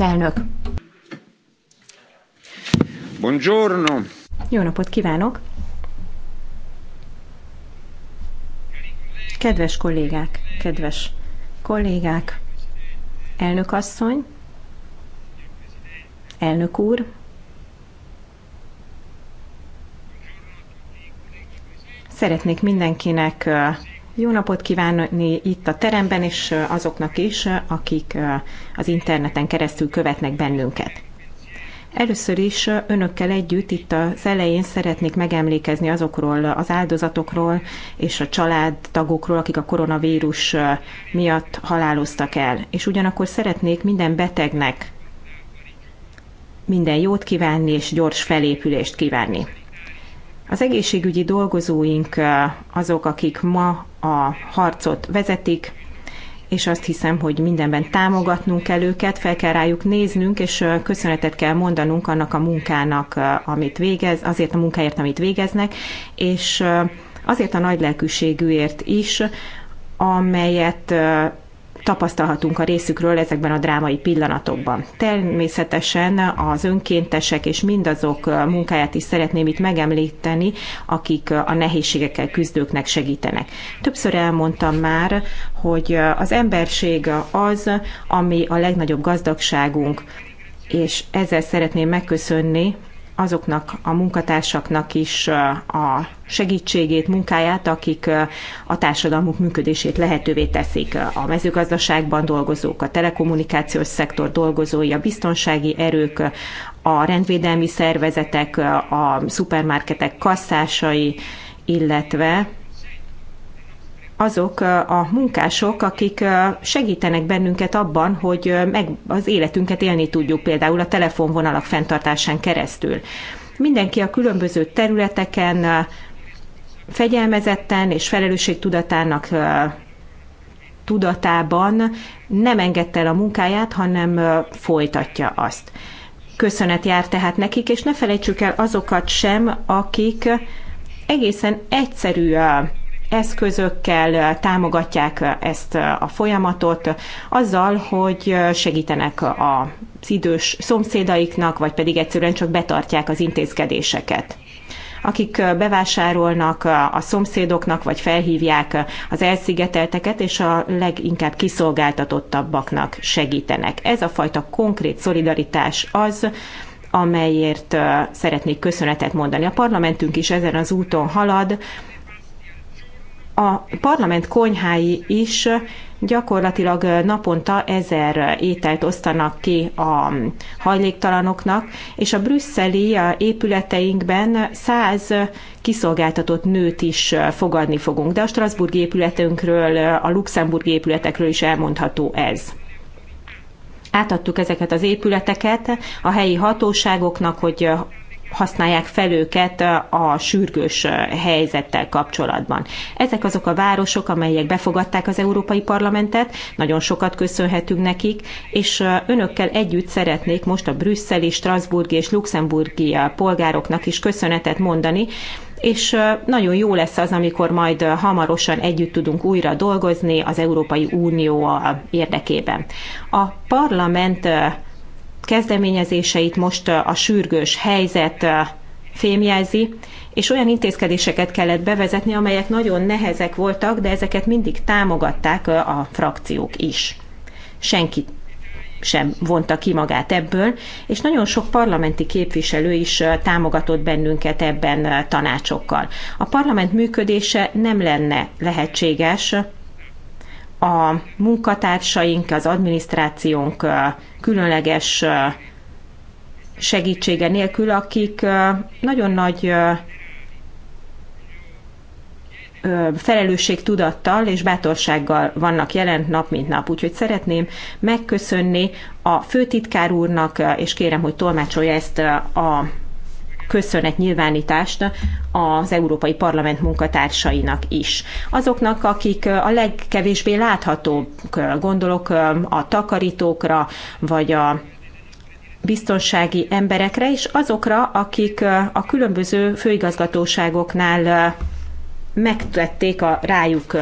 az elnök. Buongiorno. Jó napot kívánok! Kedves kollégák, kedves kollégák, elnök asszony, elnök úr, szeretnék mindenkinek jó napot kívánni itt a teremben, és azoknak is, akik az interneten keresztül követnek bennünket. Először is önökkel együtt itt az elején szeretnék megemlékezni azokról az áldozatokról és a családtagokról, akik a koronavírus miatt haláloztak el. És ugyanakkor szeretnék minden betegnek minden jót kívánni és gyors felépülést kívánni. Az egészségügyi dolgozóink azok, akik ma a harcot vezetik, és azt hiszem, hogy mindenben támogatnunk kell őket, fel kell rájuk néznünk, és köszönetet kell mondanunk annak a munkának, amit végez, azért a munkáért, amit végeznek, és azért a nagy lelkűségűért is, amelyet tapasztalhatunk a részükről ezekben a drámai pillanatokban. Természetesen az önkéntesek és mindazok munkáját is szeretném itt megemlíteni, akik a nehézségekkel küzdőknek segítenek. Többször elmondtam már, hogy az emberség az, ami a legnagyobb gazdagságunk, és ezzel szeretném megköszönni azoknak a munkatársaknak is a segítségét, munkáját, akik a társadalmuk működését lehetővé teszik. A mezőgazdaságban dolgozók, a telekommunikációs szektor dolgozói, a biztonsági erők, a rendvédelmi szervezetek, a szupermarketek kasszásai, illetve azok a munkások, akik segítenek bennünket abban, hogy meg az életünket élni tudjuk, például a telefonvonalak fenntartásán keresztül. Mindenki a különböző területeken fegyelmezetten és felelősségtudatának tudatában nem engedte el a munkáját, hanem folytatja azt. Köszönet jár tehát nekik, és ne felejtsük el azokat sem, akik egészen egyszerű eszközökkel eh, támogatják eh, ezt eh, a folyamatot, azzal, hogy segítenek az idős szomszédaiknak, vagy pedig egyszerűen csak betartják az intézkedéseket akik bevásárolnak a szomszédoknak, vagy felhívják az elszigetelteket, és a leginkább kiszolgáltatottabbaknak segítenek. Ez a fajta konkrét szolidaritás az, amelyért szeretnék köszönetet mondani. A parlamentünk is ezen az úton halad, a parlament konyhái is gyakorlatilag naponta ezer ételt osztanak ki a hajléktalanoknak, és a brüsszeli épületeinkben száz kiszolgáltatott nőt is fogadni fogunk. De a Strasburg épületünkről, a luxemburgi épületekről is elmondható ez. Átadtuk ezeket az épületeket a helyi hatóságoknak, hogy használják fel őket a sürgős helyzettel kapcsolatban. Ezek azok a városok, amelyek befogadták az Európai Parlamentet, nagyon sokat köszönhetünk nekik, és önökkel együtt szeretnék most a brüsszeli, strasburgi és luxemburgi polgároknak is köszönetet mondani, és nagyon jó lesz az, amikor majd hamarosan együtt tudunk újra dolgozni az Európai Unió érdekében. A parlament kezdeményezéseit most a sürgős helyzet fémjelzi, és olyan intézkedéseket kellett bevezetni, amelyek nagyon nehezek voltak, de ezeket mindig támogatták a frakciók is. Senki sem vonta ki magát ebből, és nagyon sok parlamenti képviselő is támogatott bennünket ebben tanácsokkal. A parlament működése nem lenne lehetséges a munkatársaink, az adminisztrációnk különleges segítsége nélkül, akik nagyon nagy felelősségtudattal és bátorsággal vannak jelen nap mint nap. Úgyhogy szeretném megköszönni a főtitkár úrnak, és kérem, hogy tolmácsolja ezt a köszönet nyilvánítást az Európai Parlament munkatársainak is. Azoknak, akik a legkevésbé láthatók, gondolok a takarítókra, vagy a biztonsági emberekre, és azokra, akik a különböző főigazgatóságoknál megtették a rájuk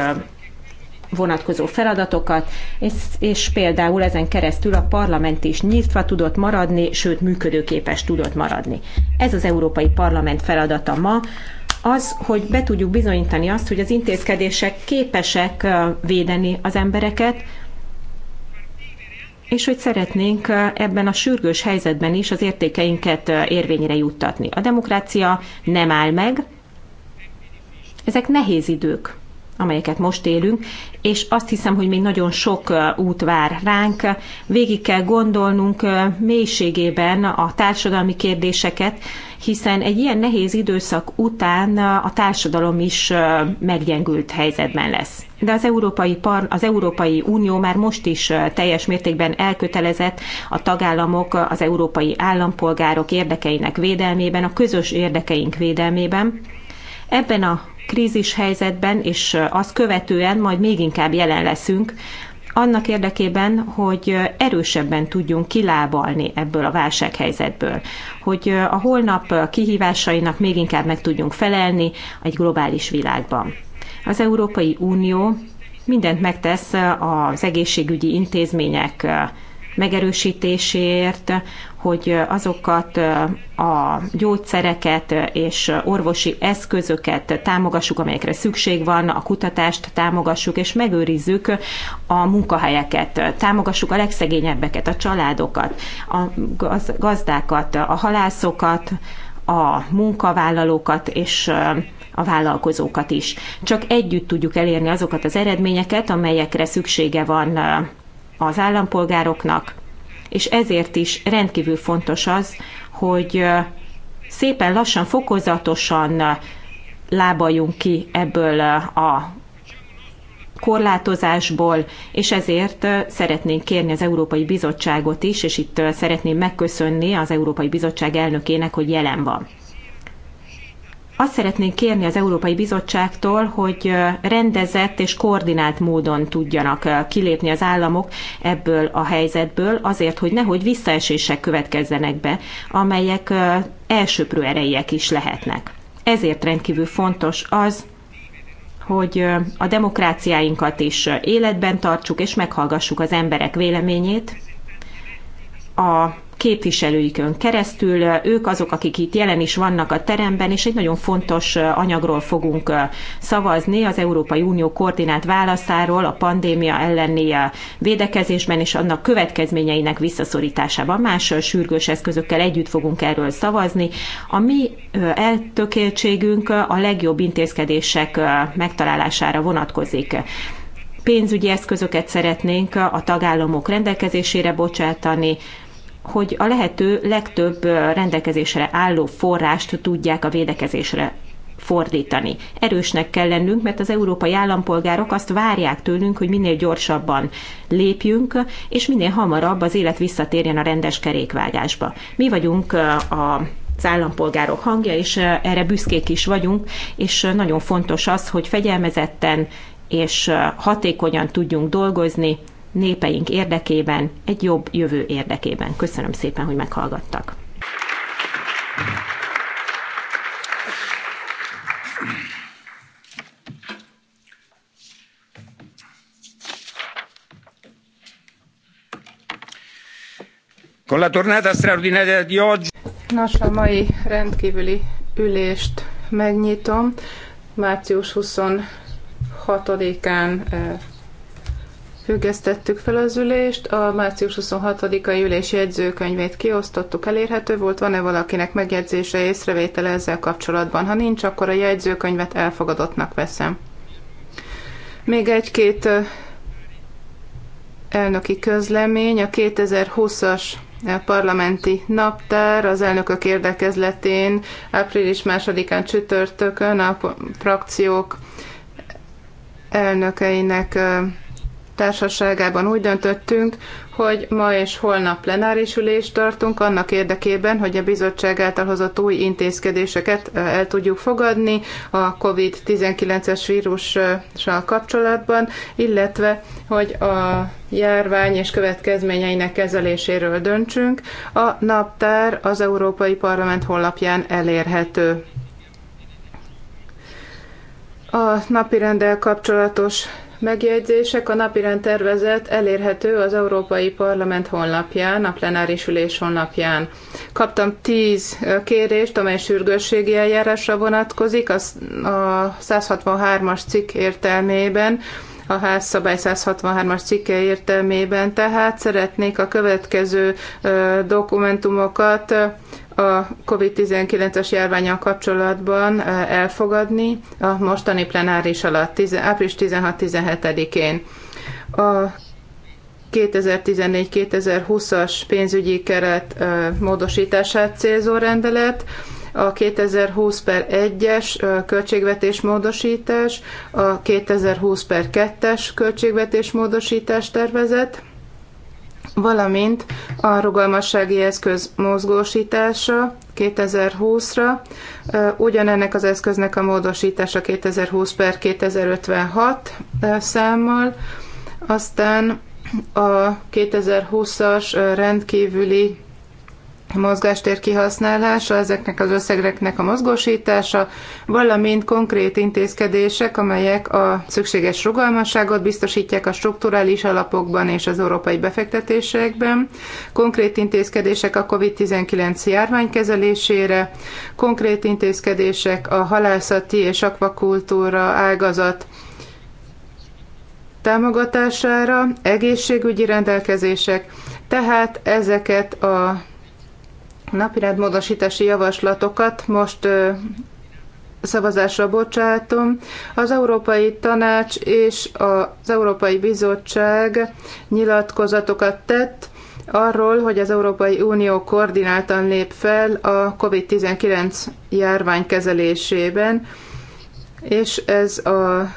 vonatkozó feladatokat, és, és például ezen keresztül a parlament is nyitva tudott maradni, sőt működőképes tudott maradni. Ez az Európai Parlament feladata ma, az, hogy be tudjuk bizonyítani azt, hogy az intézkedések képesek védeni az embereket, és hogy szeretnénk ebben a sürgős helyzetben is az értékeinket érvényre juttatni. A demokrácia nem áll meg, ezek nehéz idők amelyeket most élünk, és azt hiszem, hogy még nagyon sok út vár ránk. Végig kell gondolnunk mélységében a társadalmi kérdéseket, hiszen egy ilyen nehéz időszak után a társadalom is meggyengült helyzetben lesz. De az Európai, Par- az Európai Unió már most is teljes mértékben elkötelezett a tagállamok, az európai állampolgárok érdekeinek védelmében, a közös érdekeink védelmében. Ebben a krízis helyzetben, és azt követően majd még inkább jelen leszünk, annak érdekében, hogy erősebben tudjunk kilábalni ebből a válsághelyzetből, hogy a holnap kihívásainak még inkább meg tudjunk felelni egy globális világban. Az Európai Unió mindent megtesz az egészségügyi intézmények megerősítéséért, hogy azokat a gyógyszereket és orvosi eszközöket támogassuk, amelyekre szükség van, a kutatást támogassuk és megőrizzük a munkahelyeket, támogassuk a legszegényebbeket, a családokat, a gazdákat, a halászokat, a munkavállalókat és a vállalkozókat is. Csak együtt tudjuk elérni azokat az eredményeket, amelyekre szüksége van az állampolgároknak, és ezért is rendkívül fontos az, hogy szépen lassan, fokozatosan lábaljunk ki ebből a korlátozásból, és ezért szeretnénk kérni az Európai Bizottságot is, és itt szeretném megköszönni az Európai Bizottság elnökének, hogy jelen van. Azt szeretnénk kérni az Európai Bizottságtól, hogy rendezett és koordinált módon tudjanak kilépni az államok ebből a helyzetből, azért, hogy nehogy visszaesések következzenek be, amelyek elsőprő erejek is lehetnek. Ezért rendkívül fontos az, hogy a demokráciáinkat is életben tartsuk, és meghallgassuk az emberek véleményét, a képviselőikön keresztül. Ők azok, akik itt jelen is vannak a teremben, és egy nagyon fontos anyagról fogunk szavazni az Európai Unió koordinált válaszáról a pandémia elleni védekezésben és annak következményeinek visszaszorításában. Más sürgős eszközökkel együtt fogunk erről szavazni. A mi eltökéltségünk a legjobb intézkedések megtalálására vonatkozik pénzügyi eszközöket szeretnénk a tagállamok rendelkezésére bocsátani, hogy a lehető legtöbb rendelkezésre álló forrást tudják a védekezésre fordítani. Erősnek kell lennünk, mert az európai állampolgárok azt várják tőlünk, hogy minél gyorsabban lépjünk, és minél hamarabb az élet visszatérjen a rendes kerékvágásba. Mi vagyunk a az állampolgárok hangja, és erre büszkék is vagyunk, és nagyon fontos az, hogy fegyelmezetten és hatékonyan tudjunk dolgozni, népeink érdekében, egy jobb jövő érdekében. Köszönöm szépen, hogy meghallgattak. Con la tornata straordinaria di oggi. Nos, a mai rendkívüli ülést megnyitom. Március 26-án függesztettük fel az ülést, a március 26-ai ülés jegyzőkönyvét kiosztottuk, elérhető volt, van-e valakinek megjegyzése, észrevétele ezzel kapcsolatban? Ha nincs, akkor a jegyzőkönyvet elfogadottnak veszem. Még egy-két elnöki közlemény, a 2020-as parlamenti naptár az elnökök érdekezletén április másodikán csütörtökön a frakciók elnökeinek társaságában úgy döntöttünk, hogy ma és holnap plenáris ülést tartunk annak érdekében, hogy a bizottság által hozott új intézkedéseket el tudjuk fogadni a COVID-19-es vírussal kapcsolatban, illetve hogy a járvány és következményeinek kezeléséről döntsünk. A naptár az Európai Parlament honlapján elérhető. A napirendel kapcsolatos megjegyzések. A napirend tervezet elérhető az Európai Parlament honlapján, a plenáris ülés honlapján. Kaptam tíz kérést, amely sürgősségi eljárásra vonatkozik, a 163-as cikk értelmében a házszabály 163-as cikke értelmében. Tehát szeretnék a következő dokumentumokat a COVID-19-es járványal kapcsolatban elfogadni a mostani plenáris alatt, április 16-17-én. A 2014-2020-as pénzügyi keret módosítását célzó rendelet, a 2020 per 1-es költségvetés módosítás, a 2020 per 2-es költségvetés módosítás tervezet, valamint a rugalmassági eszköz mozgósítása 2020-ra, ugyanennek az eszköznek a módosítása 2020 per 2056 számmal, aztán a 2020-as rendkívüli mozgástér kihasználása, ezeknek az összegeknek a mozgósítása, valamint konkrét intézkedések, amelyek a szükséges rugalmasságot biztosítják a strukturális alapokban és az európai befektetésekben, konkrét intézkedések a COVID-19 járvány kezelésére, konkrét intézkedések a halászati és akvakultúra ágazat támogatására, egészségügyi rendelkezések, tehát ezeket a napirendmódosítási javaslatokat most szavazásra bocsátom. Az Európai Tanács és az Európai Bizottság nyilatkozatokat tett arról, hogy az Európai Unió koordináltan lép fel a COVID-19 járvány kezelésében, és ez a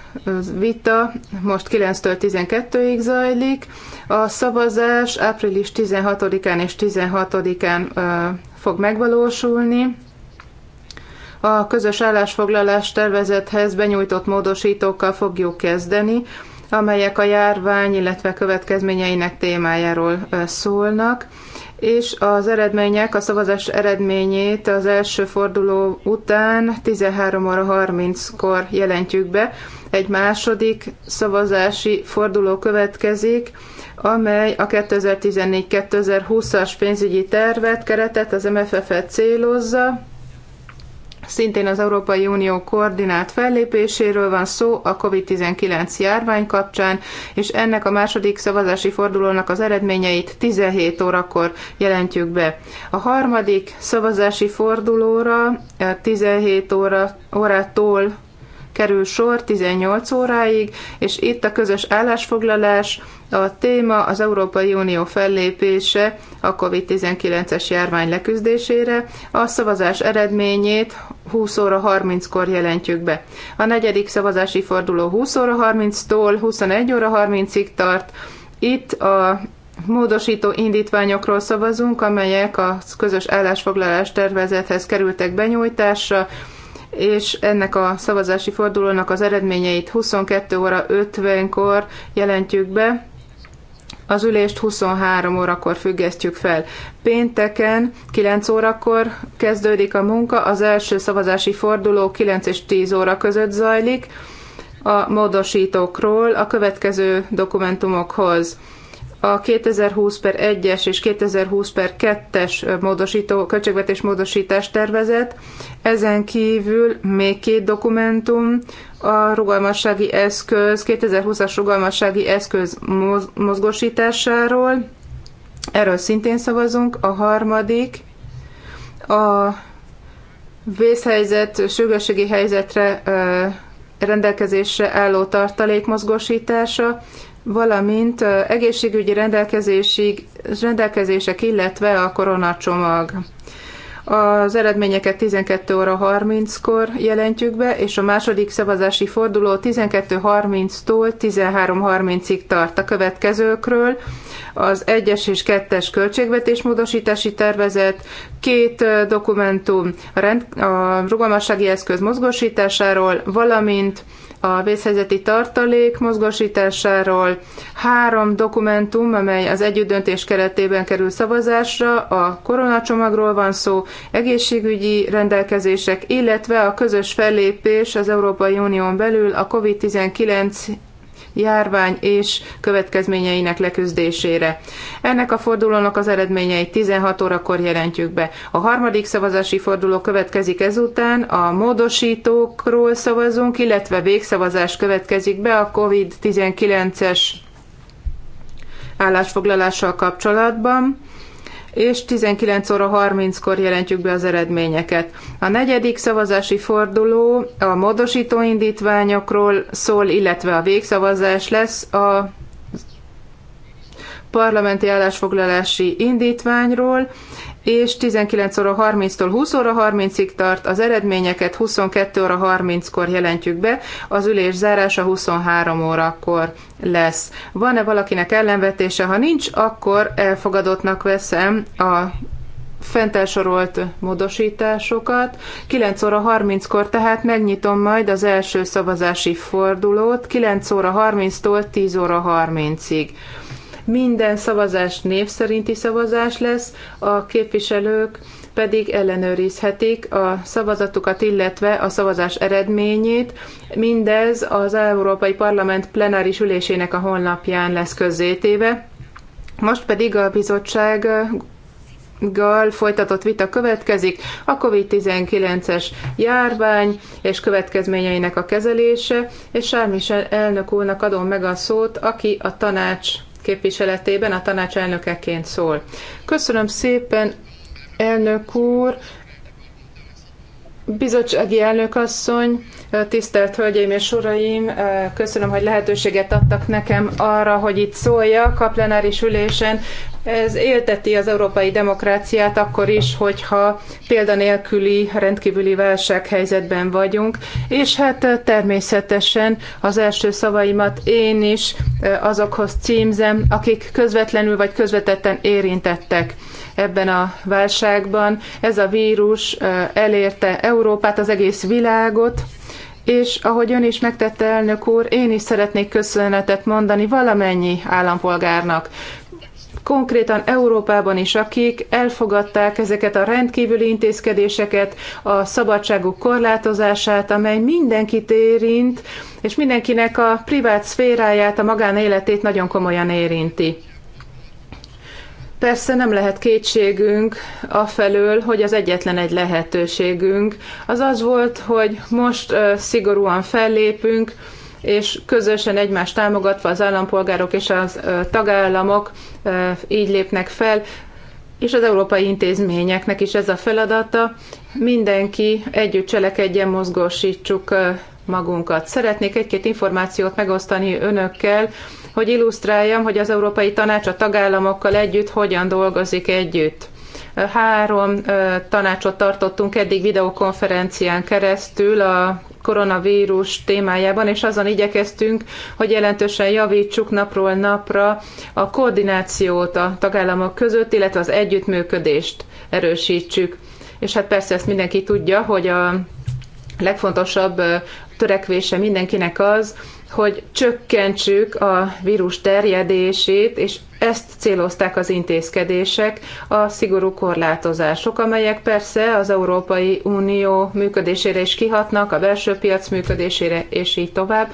vita most 9-től 12-ig zajlik. A szavazás április 16-án és 16-án fog megvalósulni. A közös állásfoglalás tervezethez benyújtott módosítókkal fogjuk kezdeni, amelyek a járvány, illetve következményeinek témájáról szólnak és az eredmények, a szavazás eredményét az első forduló után 13 óra 30-kor jelentjük be. Egy második szavazási forduló következik amely a 2014-2020-as pénzügyi tervet, keretet, az MFF-et célozza. Szintén az Európai Unió koordinált fellépéséről van szó a COVID-19 járvány kapcsán, és ennek a második szavazási fordulónak az eredményeit 17 órakor jelentjük be. A harmadik szavazási fordulóra 17 eh, óra, órától kerül sor 18 óráig, és itt a közös állásfoglalás, a téma az Európai Unió fellépése a COVID-19-es járvány leküzdésére, a szavazás eredményét 20 óra 30-kor jelentjük be. A negyedik szavazási forduló 20 óra 30-tól 21 óra 30-ig tart. Itt a módosító indítványokról szavazunk, amelyek a közös állásfoglalás tervezethez kerültek benyújtásra és ennek a szavazási fordulónak az eredményeit 22 óra 50-kor jelentjük be, az ülést 23 órakor függesztjük fel. Pénteken 9 órakor kezdődik a munka, az első szavazási forduló 9 és 10 óra között zajlik a módosítókról a következő dokumentumokhoz a 2020 per 1-es és 2020 per 2-es módosító, költségvetés módosítás tervezet. Ezen kívül még két dokumentum, a rugalmassági eszköz, 2020-as rugalmassági eszköz mozgósításáról, erről szintén szavazunk. A harmadik, a vészhelyzet, sürgősségi helyzetre rendelkezésre álló tartalék mozgósítása, valamint egészségügyi rendelkezések, illetve a koronacsomag. Az eredményeket 12 óra 30-kor jelentjük be, és a második szavazási forduló 12.30-tól 13.30-ig tart a következőkről. Az 1-es és 2-es költségvetés módosítási tervezet, két dokumentum a rugalmassági eszköz mozgósításáról, valamint a vészhelyzeti tartalék mozgosításáról, három dokumentum, amely az együttdöntés keretében kerül szavazásra, a koronacsomagról van szó, egészségügyi rendelkezések, illetve a közös fellépés az Európai Unión belül a COVID-19 járvány és következményeinek leküzdésére. Ennek a fordulónak az eredményeit 16 órakor jelentjük be. A harmadik szavazási forduló következik ezután, a módosítókról szavazunk, illetve végszavazás következik be a COVID-19-es állásfoglalással kapcsolatban és 19 óra 30-kor jelentjük be az eredményeket. A negyedik szavazási forduló a módosító indítványokról szól, illetve a végszavazás lesz a parlamenti állásfoglalási indítványról, és 19 óra 30-tól 20 óra 30-ig tart, az eredményeket 22 óra 30-kor jelentjük be, az ülés zárása 23 órakor lesz. Van-e valakinek ellenvetése? Ha nincs, akkor elfogadottnak veszem a fent elsorolt módosításokat. 9 óra 30-kor tehát megnyitom majd az első szavazási fordulót, 9 óra 30-tól 10 óra 30-ig. Minden szavazás név szerinti szavazás lesz, a képviselők pedig ellenőrizhetik a szavazatukat, illetve a szavazás eredményét. Mindez az Európai Parlament plenáris ülésének a honlapján lesz közzétéve. Most pedig a bizottság gal folytatott vita következik, a COVID-19-es járvány és következményeinek a kezelése, és Sármis elnök úrnak adom meg a szót, aki a tanács képviseletében a tanács elnökeként szól. Köszönöm szépen, elnök úr, bizottsági elnökasszony, tisztelt Hölgyeim és Uraim, köszönöm, hogy lehetőséget adtak nekem arra, hogy itt szóljak a plenáris ülésen. Ez élteti az európai demokráciát akkor is, hogyha példanélküli, rendkívüli válsághelyzetben vagyunk, és hát eh, természetesen az első szavaimat én is eh, azokhoz címzem, akik közvetlenül vagy közvetetten érintettek ebben a válságban. Ez a vírus eh, elérte Európát, az egész világot, és ahogy ön is megtette, elnök úr, én is szeretnék köszönetet mondani valamennyi állampolgárnak, konkrétan Európában is, akik elfogadták ezeket a rendkívüli intézkedéseket, a szabadságuk korlátozását, amely mindenkit érint, és mindenkinek a privát szféráját, a magánéletét nagyon komolyan érinti. Persze nem lehet kétségünk afelől, hogy az egyetlen egy lehetőségünk az az volt, hogy most szigorúan fellépünk, és közösen egymást támogatva az állampolgárok és a tagállamok így lépnek fel, és az európai intézményeknek is ez a feladata. Mindenki együtt cselekedjen, mozgósítsuk magunkat. Szeretnék egy-két információt megosztani önökkel, hogy illusztráljam, hogy az Európai Tanács a tagállamokkal együtt hogyan dolgozik együtt. Három tanácsot tartottunk eddig videokonferencián keresztül a koronavírus témájában, és azon igyekeztünk, hogy jelentősen javítsuk napról napra a koordinációt a tagállamok között, illetve az együttműködést erősítsük. És hát persze ezt mindenki tudja, hogy a legfontosabb törekvése mindenkinek az, hogy csökkentsük a vírus terjedését, és ezt célozták az intézkedések, a szigorú korlátozások, amelyek persze az Európai Unió működésére is kihatnak, a belső piac működésére, és így tovább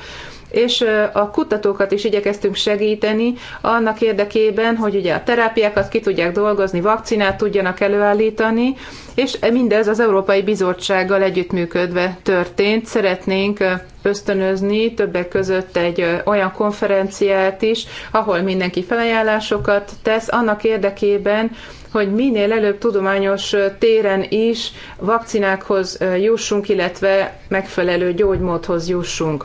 és a kutatókat is igyekeztünk segíteni annak érdekében, hogy ugye a terápiákat ki tudják dolgozni, vakcinát tudjanak előállítani, és mindez az Európai Bizottsággal együttműködve történt. Szeretnénk ösztönözni többek között egy olyan konferenciát is, ahol mindenki felajánlásokat tesz annak érdekében, hogy minél előbb tudományos téren is vakcinákhoz jussunk, illetve megfelelő gyógymódhoz jussunk.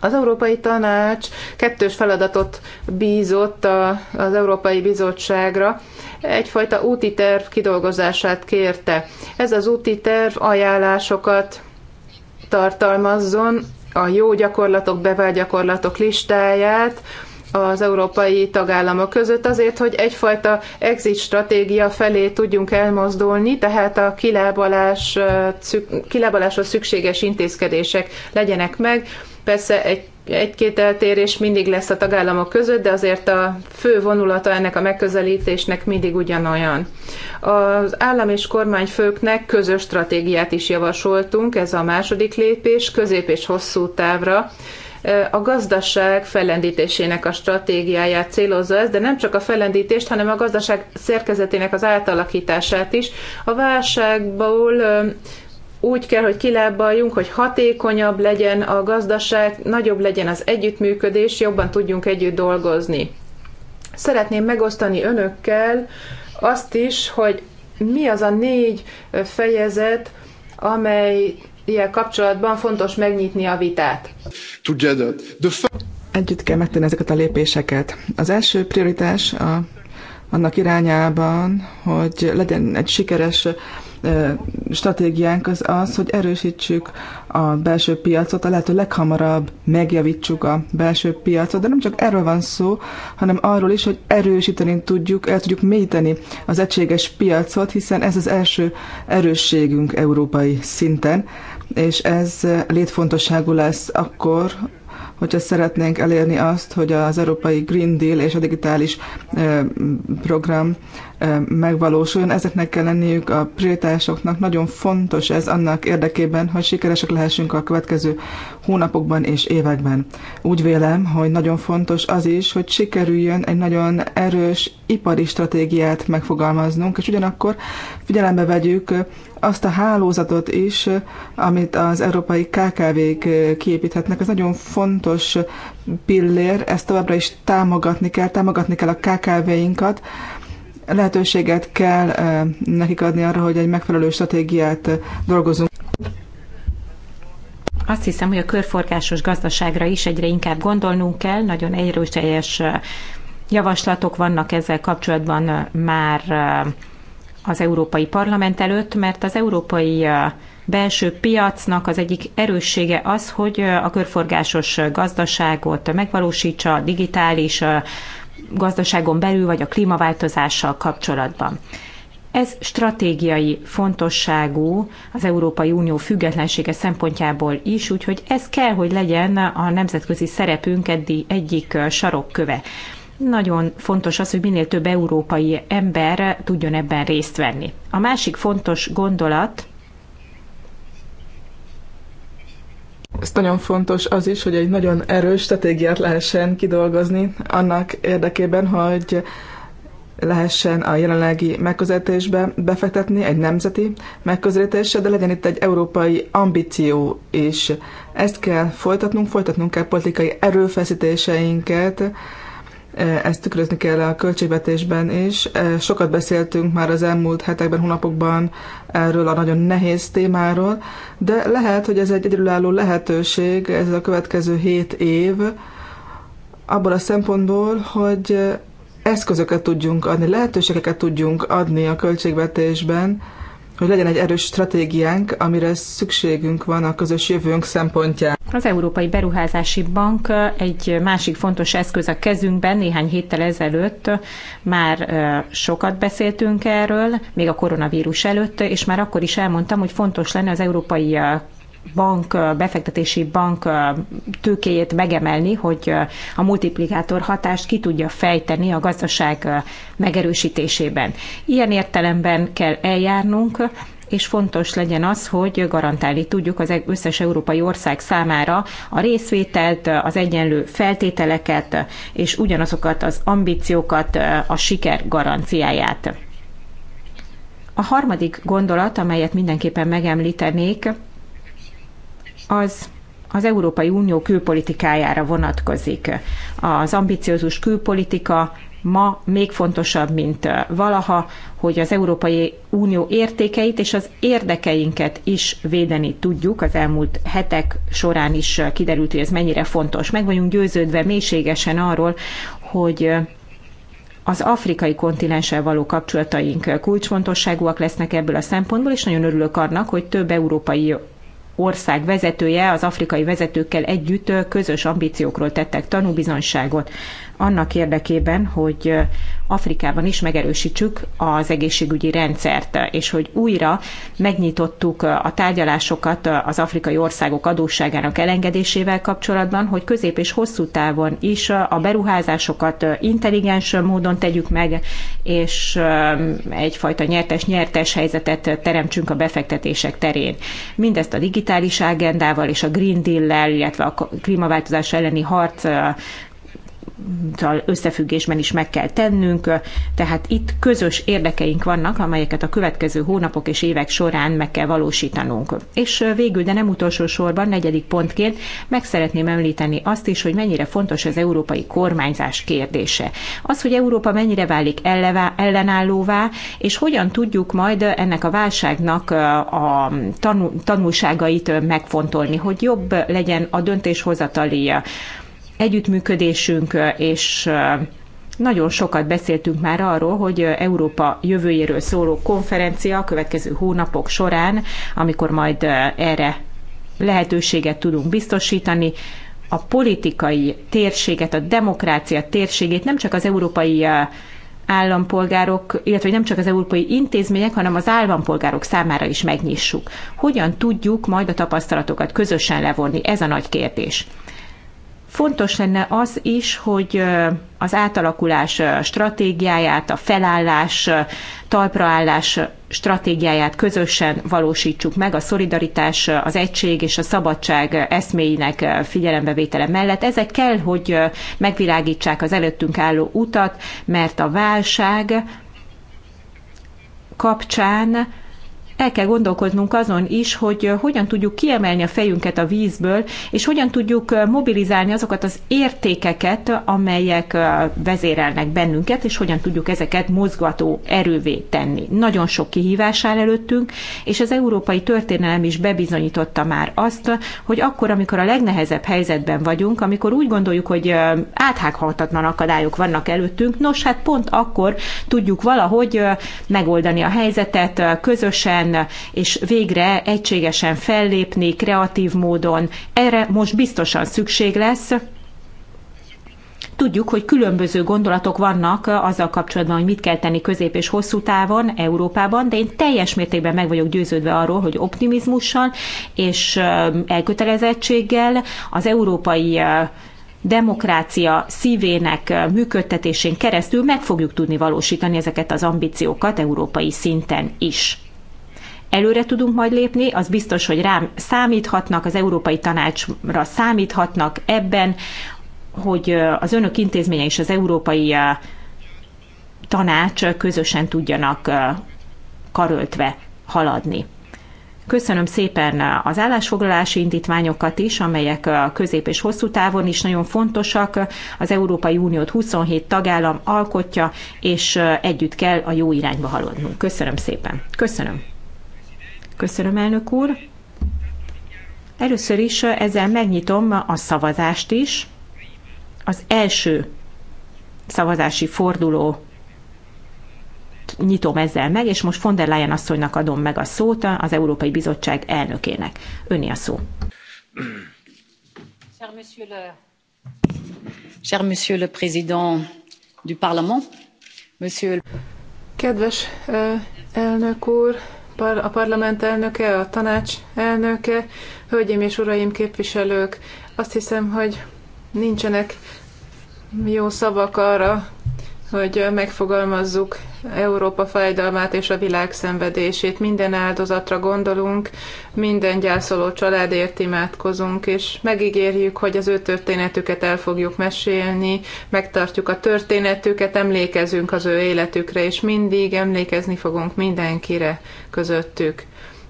Az Európai Tanács kettős feladatot bízott a, az Európai Bizottságra, egyfajta úti terv kidolgozását kérte. Ez az úti terv ajánlásokat tartalmazzon, a jó gyakorlatok, bevált gyakorlatok listáját, az európai tagállamok között azért, hogy egyfajta exit stratégia felé tudjunk elmozdulni, tehát a kilábalás, kilábaláshoz szükséges intézkedések legyenek meg, Persze egy egy-két eltérés mindig lesz a tagállamok között, de azért a fő vonulata ennek a megközelítésnek mindig ugyanolyan. Az állam és kormányfőknek közös stratégiát is javasoltunk, ez a második lépés, közép és hosszú távra. A gazdaság fellendítésének a stratégiáját célozza ez, de nem csak a fellendítést, hanem a gazdaság szerkezetének az átalakítását is. A válságból úgy kell, hogy kilábaljunk, hogy hatékonyabb legyen a gazdaság, nagyobb legyen az együttműködés, jobban tudjunk együtt dolgozni. Szeretném megosztani önökkel azt is, hogy mi az a négy fejezet, amely ilyen kapcsolatban fontos megnyitni a vitát. Együtt kell megtenni ezeket a lépéseket. Az első prioritás a, annak irányában, hogy legyen egy sikeres stratégiánk az az, hogy erősítsük a belső piacot, a lehető leghamarabb megjavítsuk a belső piacot, de nem csak erről van szó, hanem arról is, hogy erősíteni tudjuk, el tudjuk mélyíteni az egységes piacot, hiszen ez az első erősségünk európai szinten, és ez létfontosságú lesz akkor, hogyha szeretnénk elérni azt, hogy az Európai Green Deal és a digitális program megvalósuljon. Ezeknek kell lenniük a prioritásoknak. Nagyon fontos ez annak érdekében, hogy sikeresek lehessünk a következő hónapokban és években. Úgy vélem, hogy nagyon fontos az is, hogy sikerüljön egy nagyon erős ipari stratégiát megfogalmaznunk, és ugyanakkor figyelembe vegyük azt a hálózatot is, amit az európai KKV-k kiépíthetnek. Ez nagyon fontos pillér, ezt továbbra is támogatni kell, támogatni kell a KKV-inkat, lehetőséget kell nekik adni arra, hogy egy megfelelő stratégiát dolgozunk. Azt hiszem, hogy a körforgásos gazdaságra is egyre inkább gondolnunk kell, nagyon erőteljes javaslatok vannak ezzel kapcsolatban már az Európai Parlament előtt, mert az európai belső piacnak az egyik erőssége az, hogy a körforgásos gazdaságot megvalósítsa, digitális gazdaságon belül, vagy a klímaváltozással kapcsolatban. Ez stratégiai fontosságú az Európai Unió függetlensége szempontjából is, úgyhogy ez kell, hogy legyen a nemzetközi szerepünk eddig egyik sarokköve. Nagyon fontos az, hogy minél több európai ember tudjon ebben részt venni. A másik fontos gondolat ez nagyon fontos az is, hogy egy nagyon erős stratégiát lehessen kidolgozni annak érdekében, hogy lehessen a jelenlegi megközelítésbe befektetni egy nemzeti megközelítésre, de legyen itt egy európai ambíció is. Ezt kell folytatnunk, folytatnunk kell politikai erőfeszítéseinket, ezt tükrözni kell a költségvetésben is. Sokat beszéltünk már az elmúlt hetekben, hónapokban erről a nagyon nehéz témáról, de lehet, hogy ez egy egyedülálló lehetőség, ez a következő hét év, abból a szempontból, hogy eszközöket tudjunk adni, lehetőségeket tudjunk adni a költségvetésben, hogy legyen egy erős stratégiánk, amire szükségünk van a közös jövőnk szempontjából. Az Európai Beruházási Bank egy másik fontos eszköz a kezünkben, néhány héttel ezelőtt már sokat beszéltünk erről, még a koronavírus előtt, és már akkor is elmondtam, hogy fontos lenne az európai bank, befektetési bank tőkéjét megemelni, hogy a multiplikátor hatást ki tudja fejteni a gazdaság megerősítésében. Ilyen értelemben kell eljárnunk, és fontos legyen az, hogy garantálni tudjuk az összes európai ország számára a részvételt, az egyenlő feltételeket, és ugyanazokat az ambíciókat, a siker garanciáját. A harmadik gondolat, amelyet mindenképpen megemlítenék, az az Európai Unió külpolitikájára vonatkozik. Az ambiciózus külpolitika ma még fontosabb, mint valaha, hogy az Európai Unió értékeit és az érdekeinket is védeni tudjuk. Az elmúlt hetek során is kiderült, hogy ez mennyire fontos. Meg vagyunk győződve mélységesen arról, hogy az afrikai kontinenssel való kapcsolataink kulcsfontosságúak lesznek ebből a szempontból, és nagyon örülök annak, hogy több európai ország vezetője az afrikai vezetőkkel együtt közös ambíciókról tettek tanúbizonyságot annak érdekében, hogy Afrikában is megerősítsük az egészségügyi rendszert, és hogy újra megnyitottuk a tárgyalásokat az afrikai országok adósságának elengedésével kapcsolatban, hogy közép és hosszú távon is a beruházásokat intelligens módon tegyük meg, és um, egyfajta nyertes-nyertes helyzetet teremtsünk a befektetések terén. Mindezt a digitális agendával és a Green Deal-lel, illetve a klímaváltozás elleni harc összefüggésben is meg kell tennünk, tehát itt közös érdekeink vannak, amelyeket a következő hónapok és évek során meg kell valósítanunk. És végül, de nem utolsó sorban, negyedik pontként meg szeretném említeni azt is, hogy mennyire fontos az európai kormányzás kérdése. Az, hogy Európa mennyire válik ellenállóvá, és hogyan tudjuk majd ennek a válságnak a tanulságait megfontolni, hogy jobb legyen a döntéshozatali együttműködésünk, és nagyon sokat beszéltünk már arról, hogy Európa jövőjéről szóló konferencia a következő hónapok során, amikor majd erre lehetőséget tudunk biztosítani, a politikai térséget, a demokrácia térségét nem csak az európai állampolgárok, illetve nem csak az európai intézmények, hanem az állampolgárok számára is megnyissuk. Hogyan tudjuk majd a tapasztalatokat közösen levonni? Ez a nagy kérdés. Fontos lenne az is, hogy az átalakulás stratégiáját, a felállás, talpraállás stratégiáját közösen valósítsuk meg a szolidaritás, az egység és a szabadság eszméinek figyelembevétele mellett. Ezek kell, hogy megvilágítsák az előttünk álló utat, mert a válság kapcsán el kell gondolkodnunk azon is, hogy hogyan tudjuk kiemelni a fejünket a vízből, és hogyan tudjuk mobilizálni azokat az értékeket, amelyek vezérelnek bennünket, és hogyan tudjuk ezeket mozgató erővé tenni. Nagyon sok kihívás áll előttünk, és az európai történelem is bebizonyította már azt, hogy akkor, amikor a legnehezebb helyzetben vagyunk, amikor úgy gondoljuk, hogy áthághatatlan akadályok vannak előttünk, nos, hát pont akkor tudjuk valahogy megoldani a helyzetet közösen, közösen és végre egységesen fellépni, kreatív módon. Erre most biztosan szükség lesz. Tudjuk, hogy különböző gondolatok vannak azzal kapcsolatban, hogy mit kell tenni közép és hosszú távon Európában, de én teljes mértékben meg vagyok győződve arról, hogy optimizmussal és elkötelezettséggel az európai demokrácia szívének működtetésén keresztül meg fogjuk tudni valósítani ezeket az ambíciókat európai szinten is. Előre tudunk majd lépni, az biztos, hogy rám számíthatnak, az Európai Tanácsra számíthatnak ebben, hogy az önök intézménye és az Európai Tanács közösen tudjanak karöltve haladni. Köszönöm szépen az állásfoglalási indítványokat is, amelyek közép és hosszú távon is nagyon fontosak. Az Európai Uniót 27 tagállam alkotja, és együtt kell a jó irányba haladnunk. Köszönöm szépen. Köszönöm. Köszönöm, elnök úr. Először is ezzel megnyitom a szavazást is. Az első szavazási forduló nyitom ezzel meg, és most von der Leyen asszonynak adom meg a szót, az Európai Bizottság elnökének. Öni a szó. Cher monsieur le, Cher monsieur le président du Parlement, monsieur... Kedves eh, elnök úr, a parlament elnöke, a tanács elnöke, hölgyeim és uraim képviselők, azt hiszem, hogy nincsenek jó szavak arra, hogy megfogalmazzuk Európa fájdalmát és a világ szenvedését. Minden áldozatra gondolunk, minden gyászoló családért imádkozunk, és megígérjük, hogy az ő történetüket el fogjuk mesélni, megtartjuk a történetüket, emlékezünk az ő életükre, és mindig emlékezni fogunk mindenkire közöttük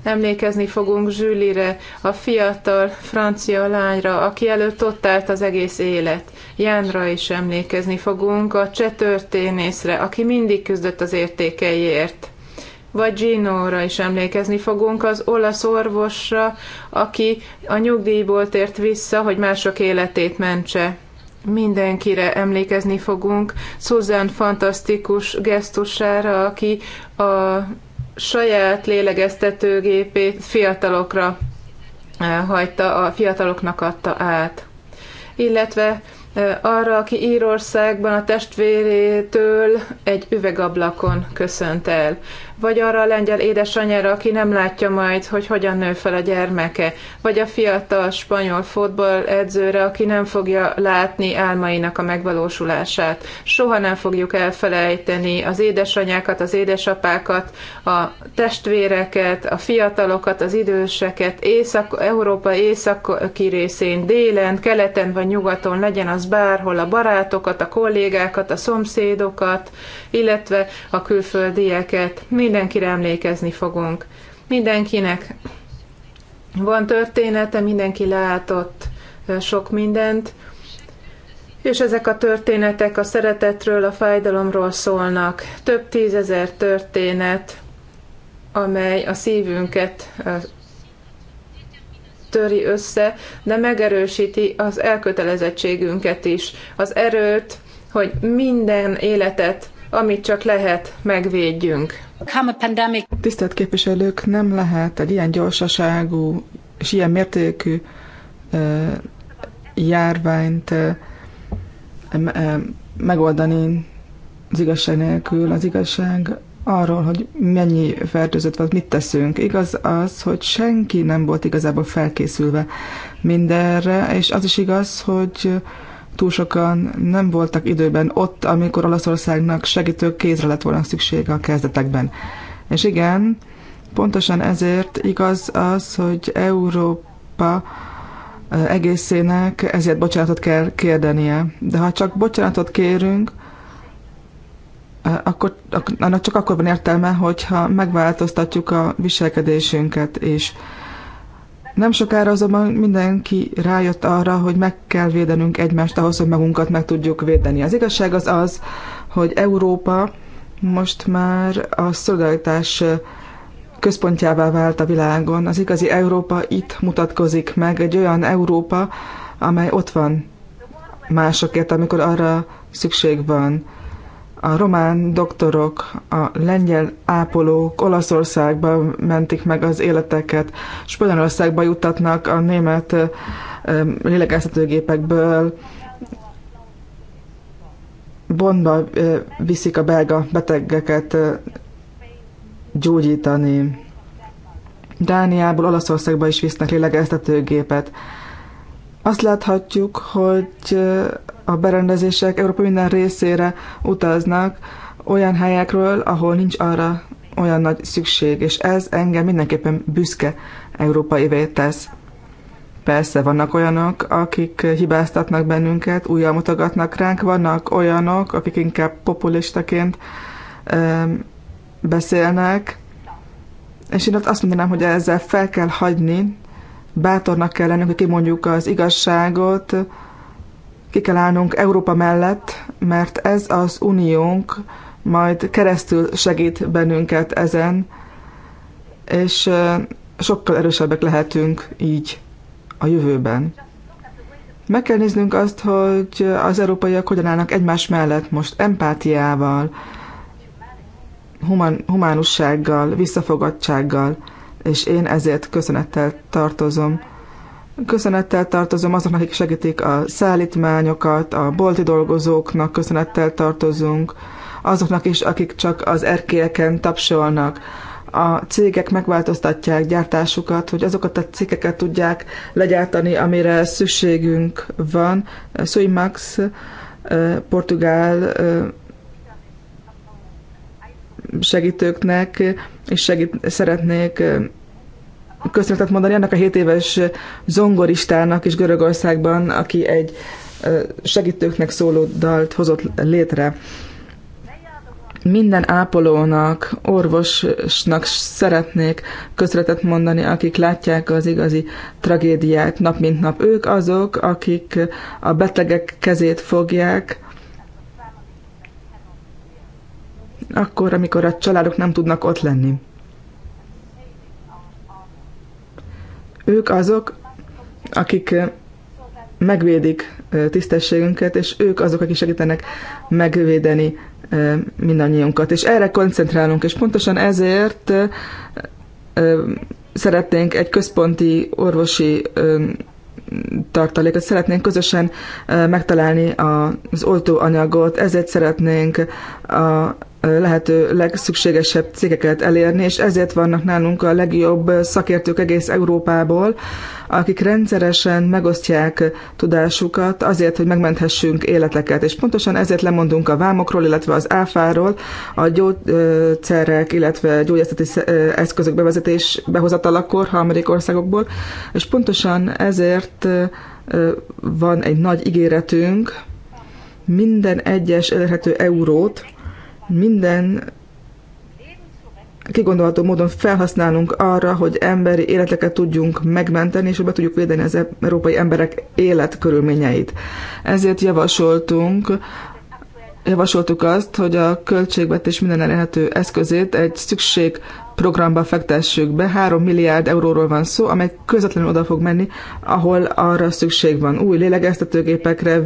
emlékezni fogunk Zsülire, a fiatal francia lányra, aki előtt ott állt az egész élet. Jánra is emlékezni fogunk, a cseh történészre, aki mindig küzdött az értékeiért vagy Ginóra is emlékezni fogunk, az olasz orvosra, aki a nyugdíjból tért vissza, hogy mások életét mentse. Mindenkire emlékezni fogunk, Susan fantasztikus gesztusára, aki a saját lélegeztetőgépét fiatalokra eh, hagyta, a fiataloknak adta át. Illetve eh, arra, aki Írországban a testvérétől egy üvegablakon köszönt el vagy arra a lengyel édesanyára, aki nem látja majd, hogy hogyan nő fel a gyermeke, vagy a fiatal spanyol edzőre, aki nem fogja látni álmainak a megvalósulását. Soha nem fogjuk elfelejteni az édesanyákat, az édesapákat, a testvéreket, a fiatalokat, az időseket, észak, Európa északi részén, délen, keleten vagy nyugaton, legyen az bárhol, a barátokat, a kollégákat, a szomszédokat, illetve a külföldieket. Mi mindenkire emlékezni fogunk. Mindenkinek van története, mindenki látott sok mindent, és ezek a történetek a szeretetről, a fájdalomról szólnak. Több tízezer történet, amely a szívünket töri össze, de megerősíti az elkötelezettségünket is, az erőt, hogy minden életet, amit csak lehet, megvédjünk. Tisztelt képviselők, nem lehet egy ilyen gyorsaságú és ilyen mértékű járványt megoldani az igazság nélkül. Az igazság arról, hogy mennyi fertőzött van, mit teszünk. Igaz az, hogy senki nem volt igazából felkészülve mindenre, és az is igaz, hogy túl sokan nem voltak időben ott, amikor Olaszországnak segítő kézre lett volna szüksége a kezdetekben. És igen, pontosan ezért igaz az, hogy Európa egészének ezért bocsánatot kell kérdenie. De ha csak bocsánatot kérünk, akkor, annak csak akkor van értelme, hogyha megváltoztatjuk a viselkedésünket is. És nem sokára azonban mindenki rájött arra, hogy meg kell védenünk egymást ahhoz, hogy magunkat meg tudjuk védeni. Az igazság az az, hogy Európa most már a szolidaritás központjává vált a világon. Az igazi Európa itt mutatkozik meg, egy olyan Európa, amely ott van másokért, amikor arra szükség van a román doktorok, a lengyel ápolók Olaszországba mentik meg az életeket, Spanyolországba juttatnak a német lélegeztetőgépekből, Bondba viszik a belga betegeket gyógyítani. Dániából Olaszországba is visznek lélegeztetőgépet. Azt láthatjuk, hogy a berendezések Európa minden részére utaznak, olyan helyekről, ahol nincs arra olyan nagy szükség, és ez engem mindenképpen büszke európaivé tesz. Persze vannak olyanok, akik hibáztatnak bennünket, újra mutogatnak ránk, vannak olyanok, akik inkább populistaként ö, beszélnek, és én ott azt mondanám, hogy ezzel fel kell hagyni, bátornak kell lennünk, hogy kimondjuk az igazságot, ki kell állnunk Európa mellett, mert ez az uniónk majd keresztül segít bennünket ezen, és sokkal erősebbek lehetünk így a jövőben. Meg kell néznünk azt, hogy az európaiak hogyan állnak egymás mellett most empátiával, human, humánussággal, visszafogadtsággal, és én ezért köszönettel tartozom Köszönettel tartozom azoknak, akik segítik a szállítmányokat, a bolti dolgozóknak köszönettel tartozunk, azoknak is, akik csak az erkélyeken tapsolnak. A cégek megváltoztatják gyártásukat, hogy azokat a cikkeket tudják legyártani, amire szükségünk van. Sui Max, portugál segítőknek, és segít, szeretnék köszönetet mondani annak a 7 éves zongoristának is Görögországban, aki egy segítőknek szóló dalt hozott létre. Minden ápolónak, orvosnak szeretnék köszönetet mondani, akik látják az igazi tragédiát nap mint nap. Ők azok, akik a betegek kezét fogják, akkor, amikor a családok nem tudnak ott lenni. Ők azok, akik megvédik tisztességünket, és ők azok, akik segítenek megvédeni mindannyiunkat. És erre koncentrálunk, és pontosan ezért szeretnénk egy központi orvosi tartalékot, szeretnénk közösen megtalálni az oltóanyagot, ezért szeretnénk a lehető legszükségesebb cégeket elérni, és ezért vannak nálunk a legjobb szakértők egész Európából, akik rendszeresen megosztják tudásukat azért, hogy megmenthessünk életeket. És pontosan ezért lemondunk a vámokról, illetve az áfáról, a gyógyszerek, illetve gyógyászati eszközök bevezetés behozatalakor harmadik országokból, és pontosan ezért van egy nagy ígéretünk, minden egyes elérhető eurót minden kigondolható módon felhasználunk arra, hogy emberi életeket tudjunk megmenteni, és hogy be tudjuk védeni az európai emberek életkörülményeit. Ezért javasoltunk javasoltuk azt, hogy a költségvetés minden elérhető eszközét egy szükség programba fektessük be. 3 milliárd euróról van szó, amely közvetlenül oda fog menni, ahol arra szükség van. Új lélegeztetőgépekre,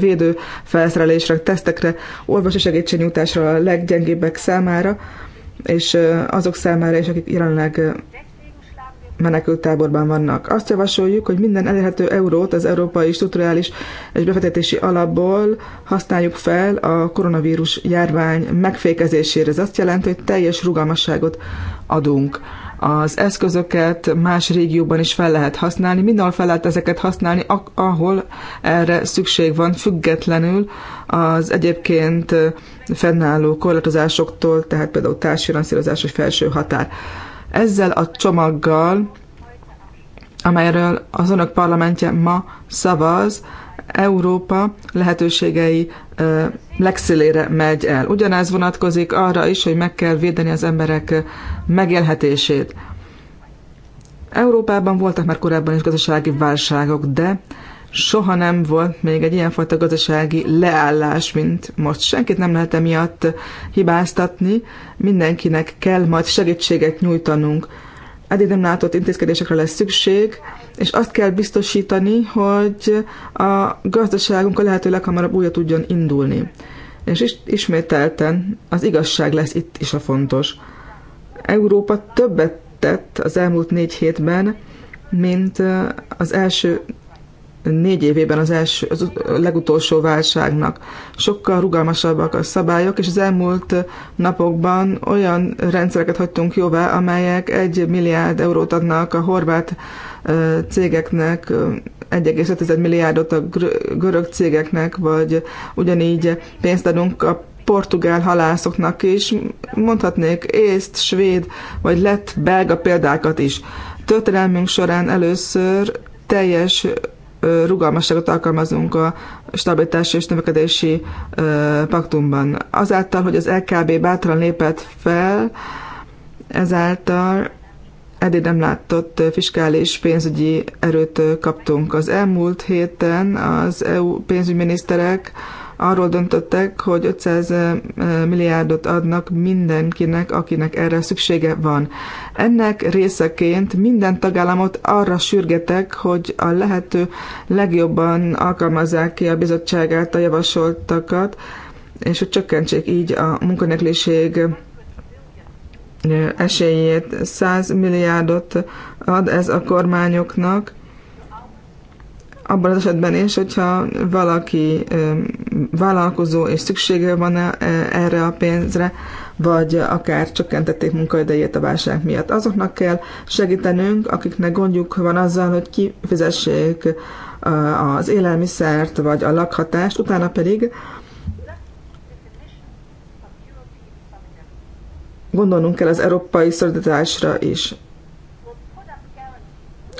felszerelésre, tesztekre, orvosi segítségnyújtásra a leggyengébbek számára, és azok számára is, akik jelenleg menekültáborban vannak. Azt javasoljuk, hogy minden elérhető eurót az Európai Strukturális és Befektetési Alapból használjuk fel a koronavírus járvány megfékezésére. Ez azt jelenti, hogy teljes rugalmasságot adunk. Az eszközöket más régióban is fel lehet használni, mindenhol fel lehet ezeket használni, ahol erre szükség van, függetlenül az egyébként fennálló korlátozásoktól, tehát például társfinanszírozás vagy felső határ. Ezzel a csomaggal, amelyről az önök parlamentje ma szavaz, Európa lehetőségei legszélére megy el. Ugyanez vonatkozik arra is, hogy meg kell védeni az emberek megélhetését. Európában voltak már korábban is gazdasági válságok, de soha nem volt még egy ilyenfajta gazdasági leállás, mint most. Senkit nem lehet emiatt hibáztatni, mindenkinek kell majd segítséget nyújtanunk. Eddig nem látott intézkedésekre lesz szükség, és azt kell biztosítani, hogy a gazdaságunk a lehető leghamarabb újra tudjon indulni. És ismételten az igazság lesz itt is a fontos. Európa többet tett az elmúlt négy hétben, mint az első négy évében az, első, az legutolsó válságnak. Sokkal rugalmasabbak a szabályok, és az elmúlt napokban olyan rendszereket hagytunk jóvá, amelyek egy milliárd eurót adnak a horvát cégeknek, 1,5 milliárdot a görög cégeknek, vagy ugyanígy pénzt adunk a portugál halászoknak is, mondhatnék észt, svéd, vagy lett belga példákat is. Történelmünk során először teljes rugalmasságot alkalmazunk a stabilitási és növekedési paktumban. Azáltal, hogy az LKB bátran lépett fel, ezáltal eddig nem látott fiskális pénzügyi erőt kaptunk. Az elmúlt héten az EU pénzügyminiszterek arról döntöttek, hogy 500 milliárdot adnak mindenkinek, akinek erre szüksége van. Ennek részeként minden tagállamot arra sürgetek, hogy a lehető legjobban alkalmazzák ki a bizottság által javasoltakat, és hogy csökkentsék így a munkanélküliség esélyét. 100 milliárdot ad ez a kormányoknak, abban az esetben is, hogyha valaki vállalkozó és szüksége van -e, erre a pénzre, vagy akár csökkentették munkaidejét a válság miatt. Azoknak kell segítenünk, akiknek gondjuk van azzal, hogy kifizessék az élelmiszert, vagy a lakhatást, utána pedig gondolnunk kell az európai szolidaritásra is.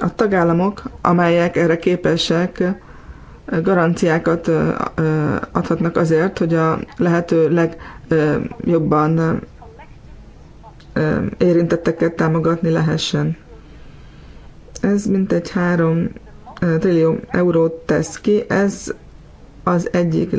A tagállamok, amelyek erre képesek, garanciákat adhatnak azért, hogy a lehető legjobban érintetteket támogatni lehessen. Ez mintegy három trillió eurót tesz ki, ez az egyik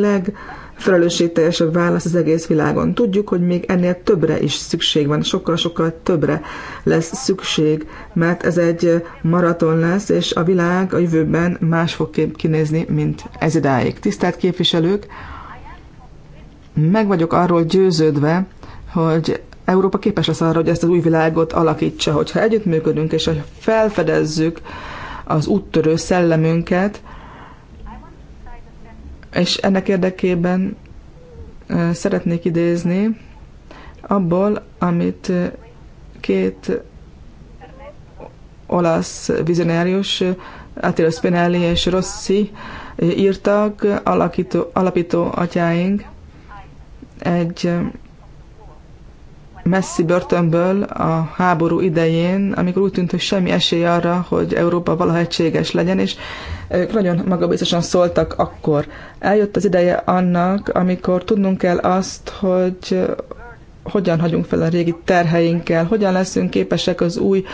leg felelősségteljesebb válasz az egész világon. Tudjuk, hogy még ennél többre is szükség van, sokkal-sokkal többre lesz szükség, mert ez egy maraton lesz, és a világ a jövőben más fog kinézni, mint ez idáig. Tisztelt képviselők, meg vagyok arról győződve, hogy Európa képes lesz arra, hogy ezt az új világot alakítsa, hogyha együttműködünk, és ha felfedezzük az úttörő szellemünket, és ennek érdekében szeretnék idézni abból, amit két olasz vizionárius, Attila Spinelli és Rossi írtak, alakító, alapító atyáink egy messzi börtönből a háború idején, amikor úgy tűnt, hogy semmi esély arra, hogy Európa valaha egységes legyen, és ők nagyon magabiztosan szóltak akkor. Eljött az ideje annak, amikor tudnunk kell azt, hogy hogyan hagyunk fel a régi terheinkkel, hogyan leszünk képesek az új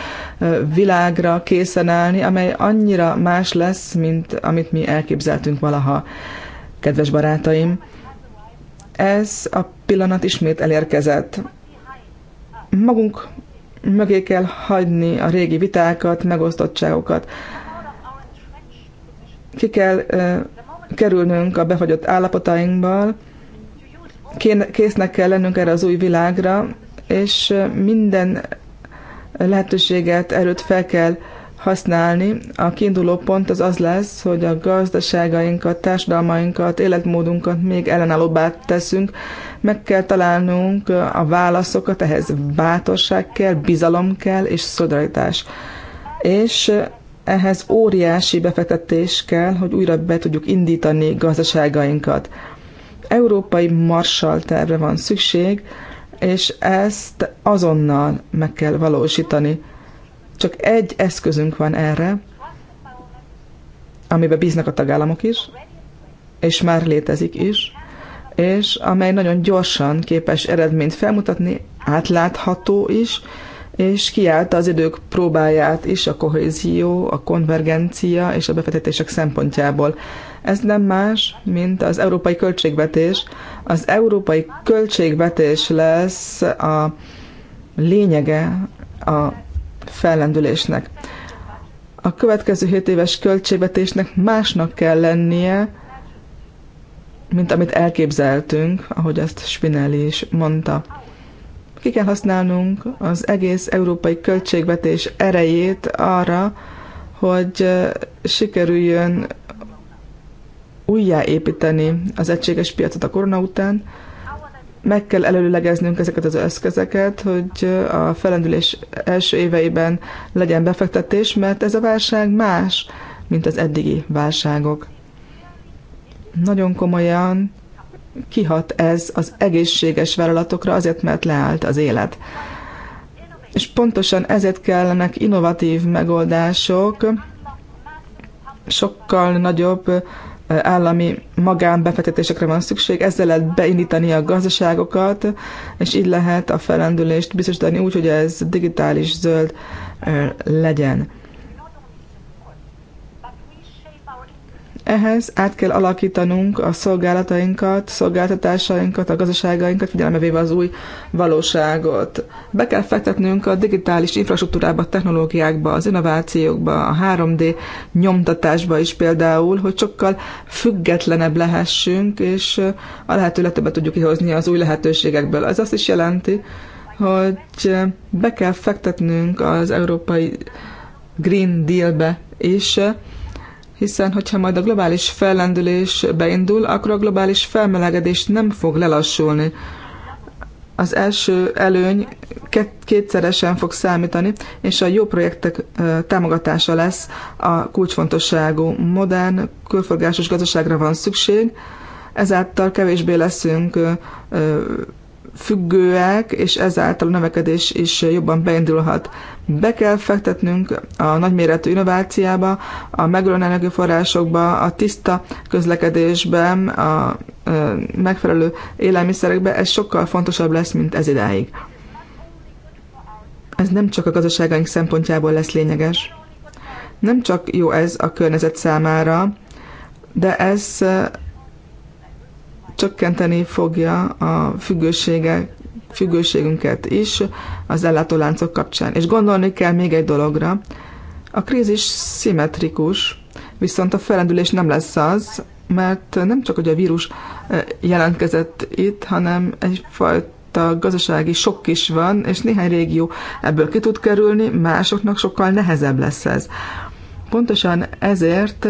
világra készen állni, amely annyira más lesz, mint amit mi elképzeltünk valaha, kedves barátaim. Ez a pillanat ismét elérkezett magunk mögé kell hagyni a régi vitákat, megosztottságokat. Ki kell uh, kerülnünk a befagyott állapotainkból, késznek kell lennünk erre az új világra, és minden lehetőséget, erőt fel kell uh, használni. A kiinduló pont az az lesz, hogy a gazdaságainkat, társadalmainkat, életmódunkat még ellenállóbbá teszünk. Meg kell találnunk a válaszokat, ehhez bátorság kell, bizalom kell és szolidaritás. És ehhez óriási befektetés kell, hogy újra be tudjuk indítani gazdaságainkat. Európai marsal tervre van szükség, és ezt azonnal meg kell valósítani csak egy eszközünk van erre, amiben bíznak a tagállamok is, és már létezik is, és amely nagyon gyorsan képes eredményt felmutatni, átlátható is, és kiállta az idők próbáját is a kohézió, a konvergencia és a befektetések szempontjából. Ez nem más, mint az európai költségvetés. Az európai költségvetés lesz a lényege a fellendülésnek. A következő 7 éves költségvetésnek másnak kell lennie, mint amit elképzeltünk, ahogy azt Spinelli is mondta. Ki kell használnunk az egész európai költségvetés erejét arra, hogy sikerüljön újjáépíteni az egységes piacot a korona után, meg kell előlegeznünk ezeket az eszközeket, hogy a felendülés első éveiben legyen befektetés, mert ez a válság más, mint az eddigi válságok. Nagyon komolyan kihat ez az egészséges vállalatokra, azért mert leállt az élet. És pontosan ezért kellenek innovatív megoldások, sokkal nagyobb állami magánbefektetésekre van szükség, ezzel lehet beindítani a gazdaságokat, és így lehet a felendülést biztosítani úgy, hogy ez digitális zöld legyen. Ehhez át kell alakítanunk a szolgálatainkat, szolgáltatásainkat, a gazdaságainkat, figyelembe véve az új valóságot. Be kell fektetnünk a digitális infrastruktúrába, technológiákba, az innovációkba, a 3D nyomtatásba is például, hogy sokkal függetlenebb lehessünk, és a lehető legtöbbet tudjuk kihozni az új lehetőségekből. Ez azt is jelenti, hogy be kell fektetnünk az európai Green Dealbe is, hiszen hogyha majd a globális fellendülés beindul, akkor a globális felmelegedés nem fog lelassulni. Az első előny kétszeresen fog számítani, és a jó projektek támogatása lesz a kulcsfontosságú. Modern, külforgásos gazdaságra van szükség, ezáltal kevésbé leszünk függőek, és ezáltal a növekedés is jobban beindulhat. Be kell fektetnünk a nagyméretű innovációba, a megújuló energiaforrásokba, a tiszta közlekedésbe, a megfelelő élelmiszerekbe, ez sokkal fontosabb lesz, mint ez idáig. Ez nem csak a gazdaságaink szempontjából lesz lényeges. Nem csak jó ez a környezet számára, de ez csökkenteni fogja a függőségek, függőségünket is az ellátóláncok kapcsán. És gondolni kell még egy dologra. A krízis szimmetrikus, viszont a felendülés nem lesz az, mert nem csak, hogy a vírus eh, jelentkezett itt, hanem egyfajta gazdasági sok is van, és néhány régió ebből ki tud kerülni, másoknak sokkal nehezebb lesz ez. Pontosan ezért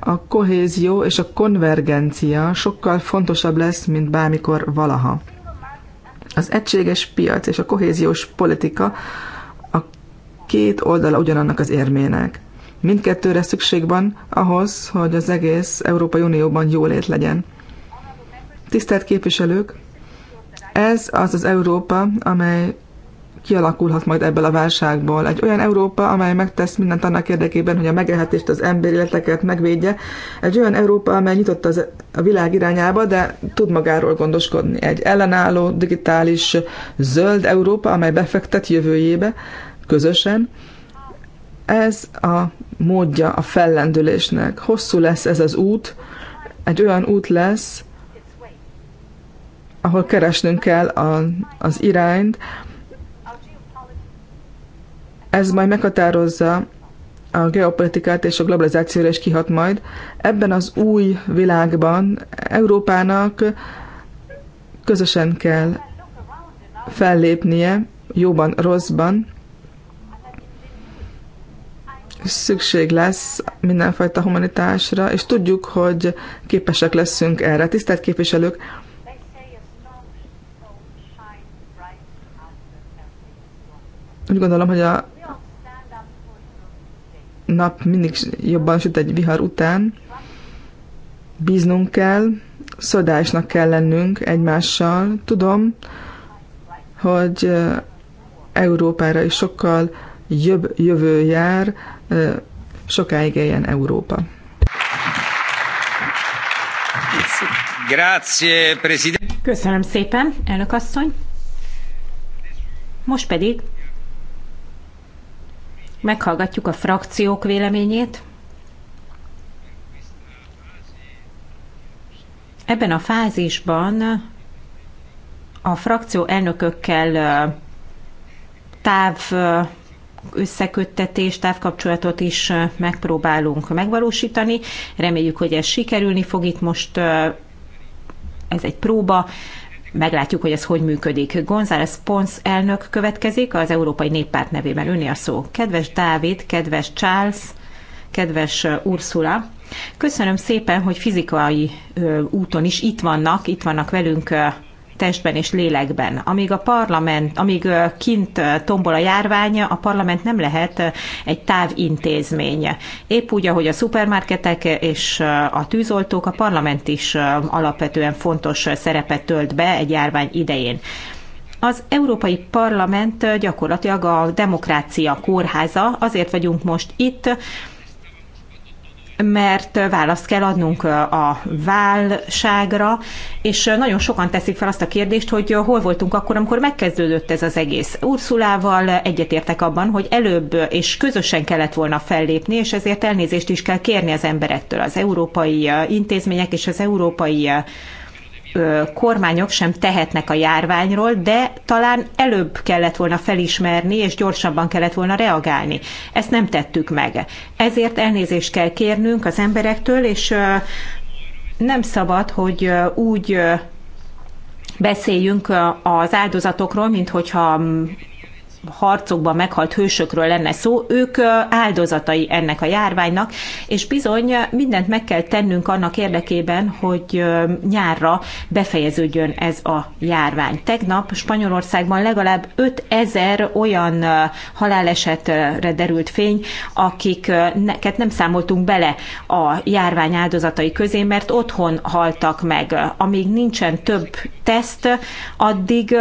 a kohézió és a konvergencia sokkal fontosabb lesz, mint bármikor valaha. Az egységes piac és a kohéziós politika a két oldala ugyanannak az érmének. Mindkettőre szükség van ahhoz, hogy az egész Európai Unióban jólét legyen. Tisztelt képviselők, ez az az Európa, amely kialakulhat majd ebből a válságból. Egy olyan Európa, amely megtesz mindent annak érdekében, hogy a megélhetést, az emberi életeket megvédje. Egy olyan Európa, amely nyitott az, a világ irányába, de tud magáról gondoskodni. Egy ellenálló, digitális, zöld Európa, amely befektet jövőjébe közösen. Ez a módja a fellendülésnek. Hosszú lesz ez az út, egy olyan út lesz, ahol keresnünk kell a, az irányt, ez majd meghatározza a geopolitikát és a globalizációra is kihat majd. Ebben az új világban Európának közösen kell fellépnie, jóban, rosszban. Szükség lesz mindenfajta humanitásra, és tudjuk, hogy képesek leszünk erre. Tisztelt képviselők, úgy gondolom, hogy a nap mindig jobban süt egy vihar után. Bíznunk kell, szodásnak kell lennünk egymással. Tudom, hogy Európára is sokkal jobb jövő jár, sokáig éljen Európa. Grazie, Köszönöm szépen, elnök asszony. Most pedig meghallgatjuk a frakciók véleményét. Ebben a fázisban a frakció elnökökkel táv összeköttetést, távkapcsolatot is megpróbálunk megvalósítani. Reméljük, hogy ez sikerülni fog itt most ez egy próba meglátjuk, hogy ez hogy működik. González Pons elnök következik, az Európai Néppárt nevében öné a szó. Kedves Dávid, kedves Charles, kedves Ursula, köszönöm szépen, hogy fizikai úton is itt vannak, itt vannak velünk testben és lélekben. Amíg a parlament, amíg kint tombol a járvány, a parlament nem lehet egy távintézmény. Épp úgy, ahogy a szupermarketek és a tűzoltók, a parlament is alapvetően fontos szerepet tölt be egy járvány idején. Az Európai Parlament gyakorlatilag a demokrácia kórháza, azért vagyunk most itt, mert választ kell adnunk a válságra, és nagyon sokan teszik fel azt a kérdést, hogy hol voltunk akkor, amikor megkezdődött ez az egész. Ursulával egyetértek abban, hogy előbb és közösen kellett volna fellépni, és ezért elnézést is kell kérni az emberektől. Az európai intézmények és az európai kormányok sem tehetnek a járványról, de talán előbb kellett volna felismerni, és gyorsabban kellett volna reagálni. Ezt nem tettük meg. Ezért elnézést kell kérnünk az emberektől, és nem szabad, hogy úgy beszéljünk az áldozatokról, mint hogyha harcokban meghalt hősökről lenne szó, ők áldozatai ennek a járványnak, és bizony mindent meg kell tennünk annak érdekében, hogy nyárra befejeződjön ez a járvány. Tegnap Spanyolországban legalább 5000 olyan halálesetre derült fény, akiket nem számoltunk bele a járvány áldozatai közé, mert otthon haltak meg. Amíg nincsen több teszt, addig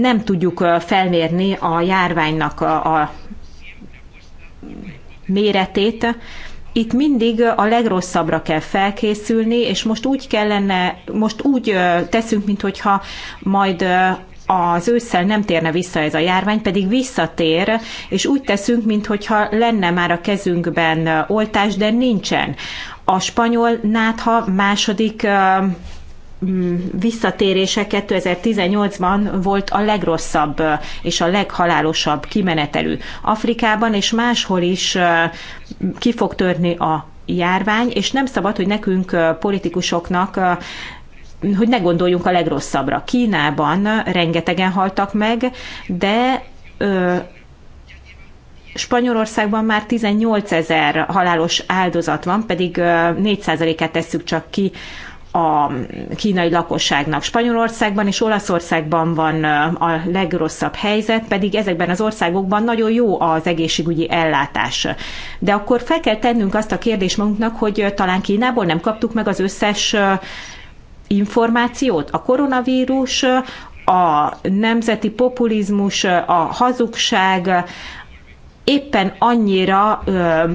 nem tudjuk felmérni a járványnak a méretét, itt mindig a legrosszabbra kell felkészülni, és most úgy kellene, most úgy teszünk, mintha majd az ősszel nem térne vissza ez a járvány, pedig visszatér, és úgy teszünk, mintha lenne már a kezünkben oltás, de nincsen. A spanyol nátha második Mm, visszatérése 2018-ban volt a legrosszabb és a leghalálosabb kimenetelű. Afrikában és máshol is ki fog törni a járvány, és nem szabad, hogy nekünk politikusoknak hogy ne gondoljunk a legrosszabbra. Kínában rengetegen haltak meg, de ö, Spanyolországban már 18 ezer halálos áldozat van, pedig 4 et tesszük csak ki a kínai lakosságnak. Spanyolországban és Olaszországban van a legrosszabb helyzet, pedig ezekben az országokban nagyon jó az egészségügyi ellátás. De akkor fel kell tennünk azt a kérdést magunknak, hogy talán Kínából nem kaptuk meg az összes információt. A koronavírus, a nemzeti populizmus, a hazugság, éppen annyira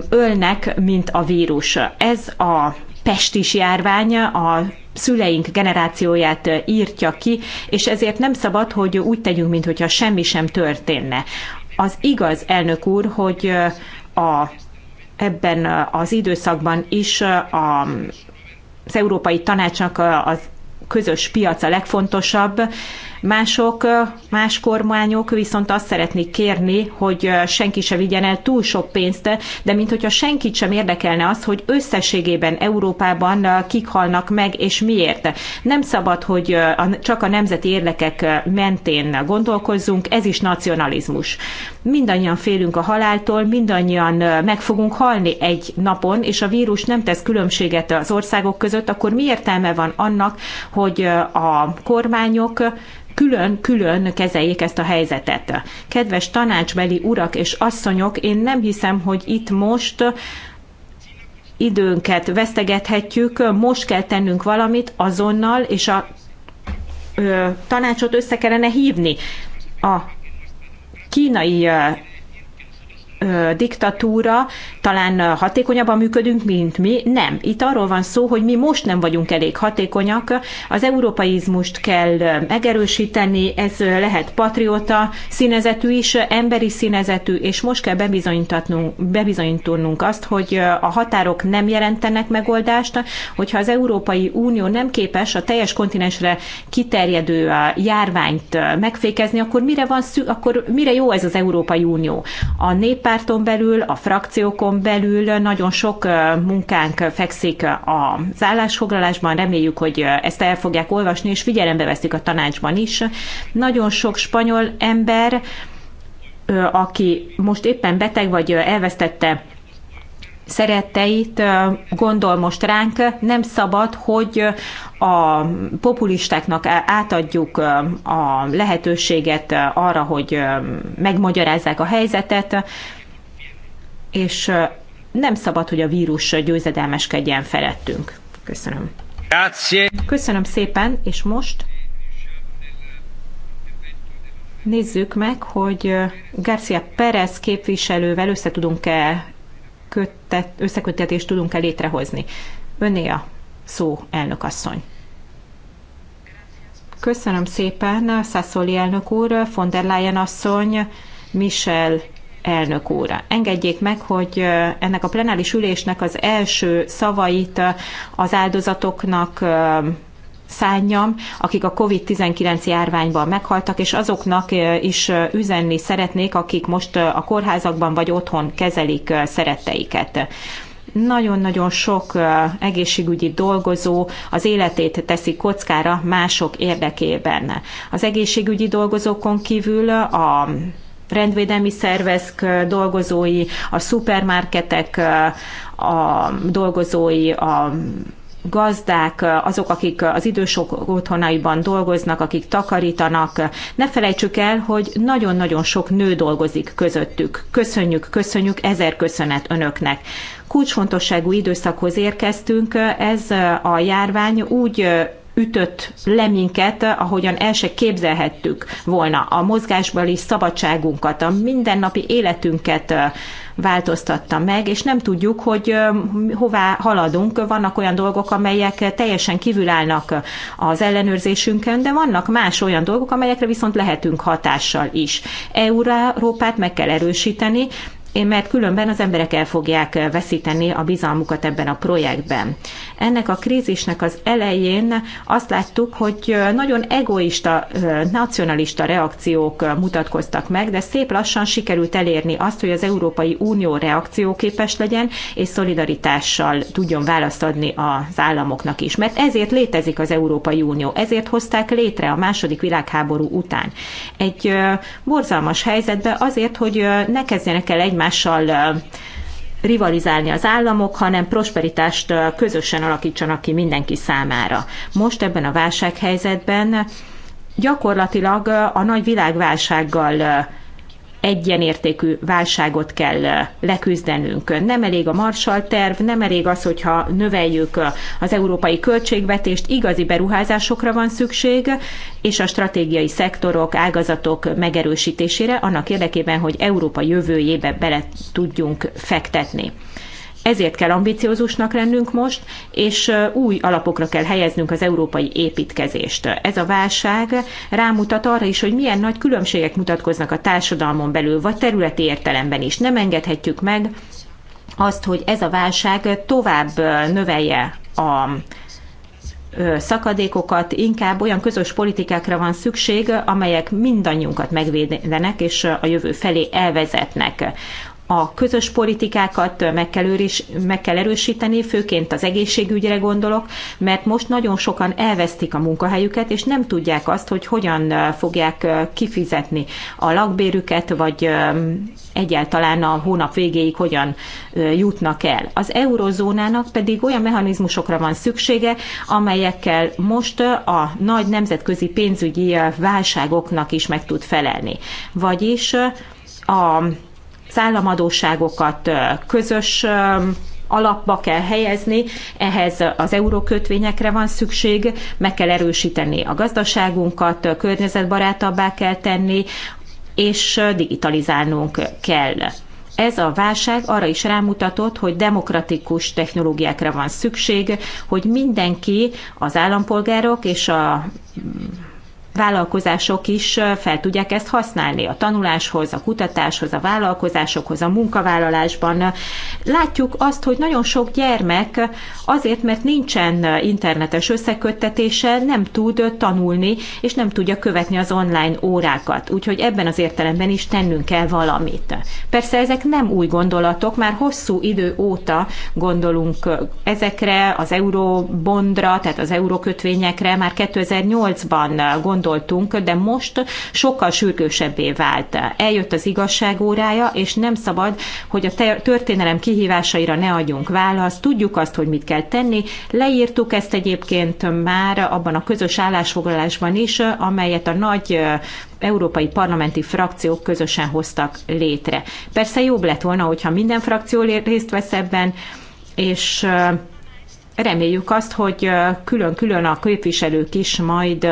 ölnek, mint a vírus. Ez a pestis járvány a szüleink generációját írtja ki, és ezért nem szabad, hogy úgy tegyünk, mintha semmi sem történne. Az igaz, elnök úr, hogy a, ebben az időszakban is a, az Európai Tanácsnak az közös piac a legfontosabb, Mások, más kormányok viszont azt szeretnék kérni, hogy senki se vigyen el túl sok pénzt, de mint hogyha senkit sem érdekelne az, hogy összességében Európában kik halnak meg és miért. Nem szabad, hogy csak a nemzeti érdekek mentén gondolkozzunk, ez is nacionalizmus. Mindannyian félünk a haláltól, mindannyian meg fogunk halni egy napon, és a vírus nem tesz különbséget az országok között, akkor mi értelme van annak, hogy a kormányok külön-külön kezeljék ezt a helyzetet. Kedves tanácsbeli urak és asszonyok, én nem hiszem, hogy itt most időnket vesztegethetjük, most kell tennünk valamit azonnal, és a ö, tanácsot össze kellene hívni. A kínai diktatúra, talán hatékonyabban működünk, mint mi. Nem. Itt arról van szó, hogy mi most nem vagyunk elég hatékonyak. Az európaizmust kell megerősíteni, ez lehet patrióta színezetű is, emberi színezetű, és most kell bebizonyítanunk, bebizonyítanunk azt, hogy a határok nem jelentenek megoldást, hogyha az Európai Unió nem képes a teljes kontinensre kiterjedő járványt megfékezni, akkor mire, van szü- akkor mire jó ez az Európai Unió? A nép párton belül, a frakciókon belül nagyon sok munkánk fekszik az állásfoglalásban, reméljük, hogy ezt el fogják olvasni, és figyelembe veszik a tanácsban is. Nagyon sok spanyol ember, aki most éppen beteg vagy elvesztette szeretteit, gondol most ránk, nem szabad, hogy a populistáknak átadjuk a lehetőséget arra, hogy megmagyarázzák a helyzetet és nem szabad, hogy a vírus győzedelmeskedjen felettünk. Köszönöm. Grazie. Köszönöm szépen, és most nézzük meg, hogy Garcia Perez képviselővel össze tudunk-e kötet, összeköttetést tudunk-e létrehozni. Önné a szó, elnök asszony. Köszönöm szépen, Szászoli elnök úr, von der Leyen asszony, Michel elnök úr. Engedjék meg, hogy ennek a plenáris ülésnek az első szavait az áldozatoknak szánjam, akik a COVID-19 járványban meghaltak, és azoknak is üzenni szeretnék, akik most a kórházakban vagy otthon kezelik szeretteiket nagyon-nagyon sok egészségügyi dolgozó az életét teszi kockára mások érdekében. Az egészségügyi dolgozókon kívül a rendvédelmi szervezk dolgozói, a szupermarketek a dolgozói, a gazdák, azok, akik az idősok otthonaiban dolgoznak, akik takarítanak. Ne felejtsük el, hogy nagyon-nagyon sok nő dolgozik közöttük. Köszönjük, köszönjük, ezer köszönet önöknek. Kulcsfontosságú időszakhoz érkeztünk, ez a járvány úgy ütött le minket, ahogyan el se képzelhettük volna. A mozgásbeli szabadságunkat, a mindennapi életünket változtatta meg, és nem tudjuk, hogy hová haladunk. Vannak olyan dolgok, amelyek teljesen kívülállnak az ellenőrzésünkön, de vannak más olyan dolgok, amelyekre viszont lehetünk hatással is. Európát meg kell erősíteni, mert különben az emberek el fogják eh, veszíteni a bizalmukat ebben a projektben. Ennek a krízisnek az elején azt láttuk, hogy eh, nagyon egoista, eh, nacionalista reakciók mutatkoztak meg, de szép lassan sikerült elérni azt, hogy az Európai Unió reakcióképes legyen, és szolidaritással tudjon választ adni az államoknak is. Mert ezért létezik az Európai Unió, ezért hozták létre a második világháború után. Egy borzalmas helyzetbe azért, hogy ne kezdjenek el egy egymással rivalizálni az államok, hanem prosperitást közösen alakítsanak ki mindenki számára. Most ebben a válsághelyzetben gyakorlatilag a nagy világválsággal egyenértékű válságot kell leküzdenünk. Nem elég a Marshall terv, nem elég az, hogyha növeljük az európai költségvetést, igazi beruházásokra van szükség, és a stratégiai szektorok, ágazatok megerősítésére annak érdekében, hogy Európa jövőjébe bele tudjunk fektetni. Ezért kell ambiciózusnak lennünk most, és új alapokra kell helyeznünk az európai építkezést. Ez a válság rámutat arra is, hogy milyen nagy különbségek mutatkoznak a társadalmon belül, vagy területi értelemben is. Nem engedhetjük meg azt, hogy ez a válság tovább növelje a szakadékokat, inkább olyan közös politikákra van szükség, amelyek mindannyiunkat megvédenek és a jövő felé elvezetnek a közös politikákat meg kell, őris, meg kell erősíteni, főként az egészségügyre gondolok, mert most nagyon sokan elvesztik a munkahelyüket, és nem tudják azt, hogy hogyan fogják kifizetni a lakbérüket, vagy egyáltalán a hónap végéig hogyan jutnak el. Az eurozónának pedig olyan mechanizmusokra van szüksége, amelyekkel most a nagy nemzetközi pénzügyi válságoknak is meg tud felelni. Vagyis a államadóságokat közös alapba kell helyezni, ehhez az eurókötvényekre van szükség, meg kell erősíteni a gazdaságunkat, környezetbarátabbá kell tenni, és digitalizálnunk kell. Ez a válság arra is rámutatott, hogy demokratikus technológiákra van szükség, hogy mindenki, az állampolgárok és a vállalkozások is fel tudják ezt használni a tanuláshoz, a kutatáshoz, a vállalkozásokhoz, a munkavállalásban. Látjuk azt, hogy nagyon sok gyermek azért, mert nincsen internetes összeköttetése, nem tud tanulni, és nem tudja követni az online órákat. Úgyhogy ebben az értelemben is tennünk kell valamit. Persze ezek nem új gondolatok, már hosszú idő óta gondolunk ezekre, az eurobondra, tehát az eurókötvényekre, már 2008-ban gondolunk gondoltunk, de most sokkal sürgősebbé vált. Eljött az igazság órája, és nem szabad, hogy a történelem kihívásaira ne adjunk választ. Tudjuk azt, hogy mit kell tenni. Leírtuk ezt egyébként már abban a közös állásfoglalásban is, amelyet a nagy európai parlamenti frakciók közösen hoztak létre. Persze jobb lett volna, hogyha minden frakció részt vesz ebben, és reméljük azt, hogy külön-külön a képviselők is majd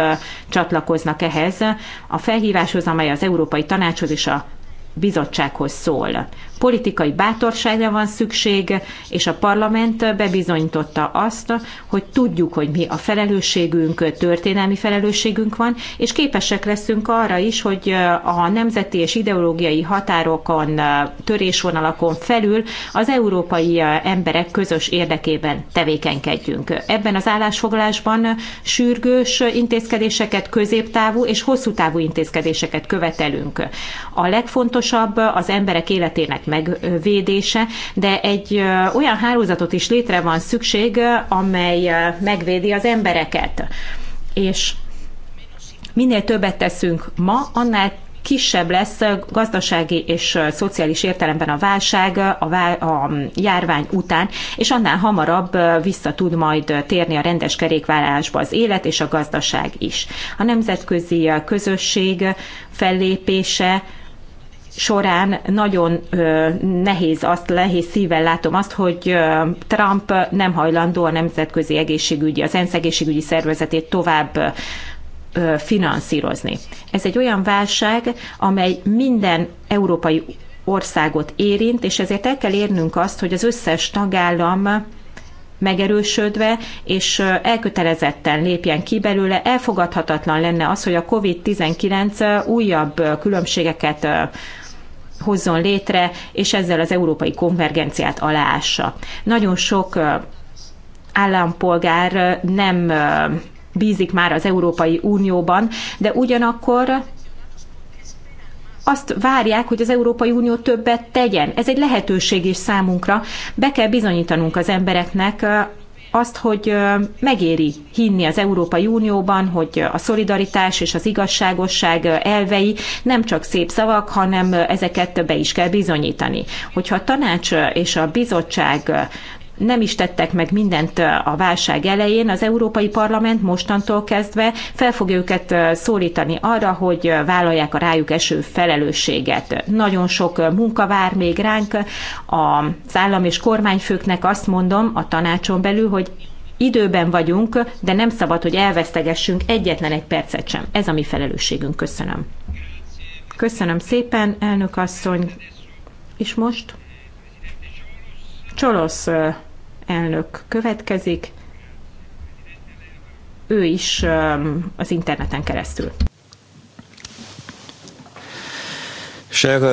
csatlakoznak ehhez a felhíváshoz, amely az Európai Tanácshoz és a bizottsághoz szól politikai bátorságra van szükség, és a parlament bebizonyította azt, hogy tudjuk, hogy mi a felelősségünk, történelmi felelősségünk van, és képesek leszünk arra is, hogy a nemzeti és ideológiai határokon, törésvonalakon felül az európai emberek közös érdekében tevékenykedjünk. Ebben az állásfoglalásban sürgős intézkedéseket, középtávú és hosszú távú intézkedéseket követelünk. A legfontosabb az emberek életének megvédése, de egy olyan hálózatot is létre van szükség, amely megvédi az embereket. És minél többet teszünk ma, annál kisebb lesz gazdasági és szociális értelemben a válság a, vá- a járvány után, és annál hamarabb vissza tud majd térni a rendes kerékvállásba az élet és a gazdaság is. A nemzetközi közösség fellépése során nagyon nehéz azt, nehéz szívvel látom azt, hogy Trump nem hajlandó a nemzetközi egészségügyi, az ENSZ egészségügyi szervezetét tovább finanszírozni. Ez egy olyan válság, amely minden európai országot érint, és ezért el kell érnünk azt, hogy az összes tagállam megerősödve és elkötelezetten lépjen ki belőle. Elfogadhatatlan lenne az, hogy a COVID-19 újabb különbségeket hozzon létre, és ezzel az európai konvergenciát aláássa. Nagyon sok állampolgár nem bízik már az Európai Unióban, de ugyanakkor azt várják, hogy az Európai Unió többet tegyen. Ez egy lehetőség is számunkra. Be kell bizonyítanunk az embereknek azt, hogy megéri hinni az Európai Unióban, hogy a szolidaritás és az igazságosság elvei nem csak szép szavak, hanem ezeket be is kell bizonyítani. Hogyha a tanács és a bizottság nem is tettek meg mindent a válság elején, az Európai Parlament mostantól kezdve fel fogja őket szólítani arra, hogy vállalják a rájuk eső felelősséget. Nagyon sok munka vár még ránk. Az állam és kormányfőknek azt mondom a tanácson belül, hogy időben vagyunk, de nem szabad, hogy elvesztegessünk egyetlen egy percet sem. Ez a mi felelősségünk. Köszönöm. Köszönöm szépen, elnök asszony. És most? Csolosz elnök következik, ő is az interneten keresztül.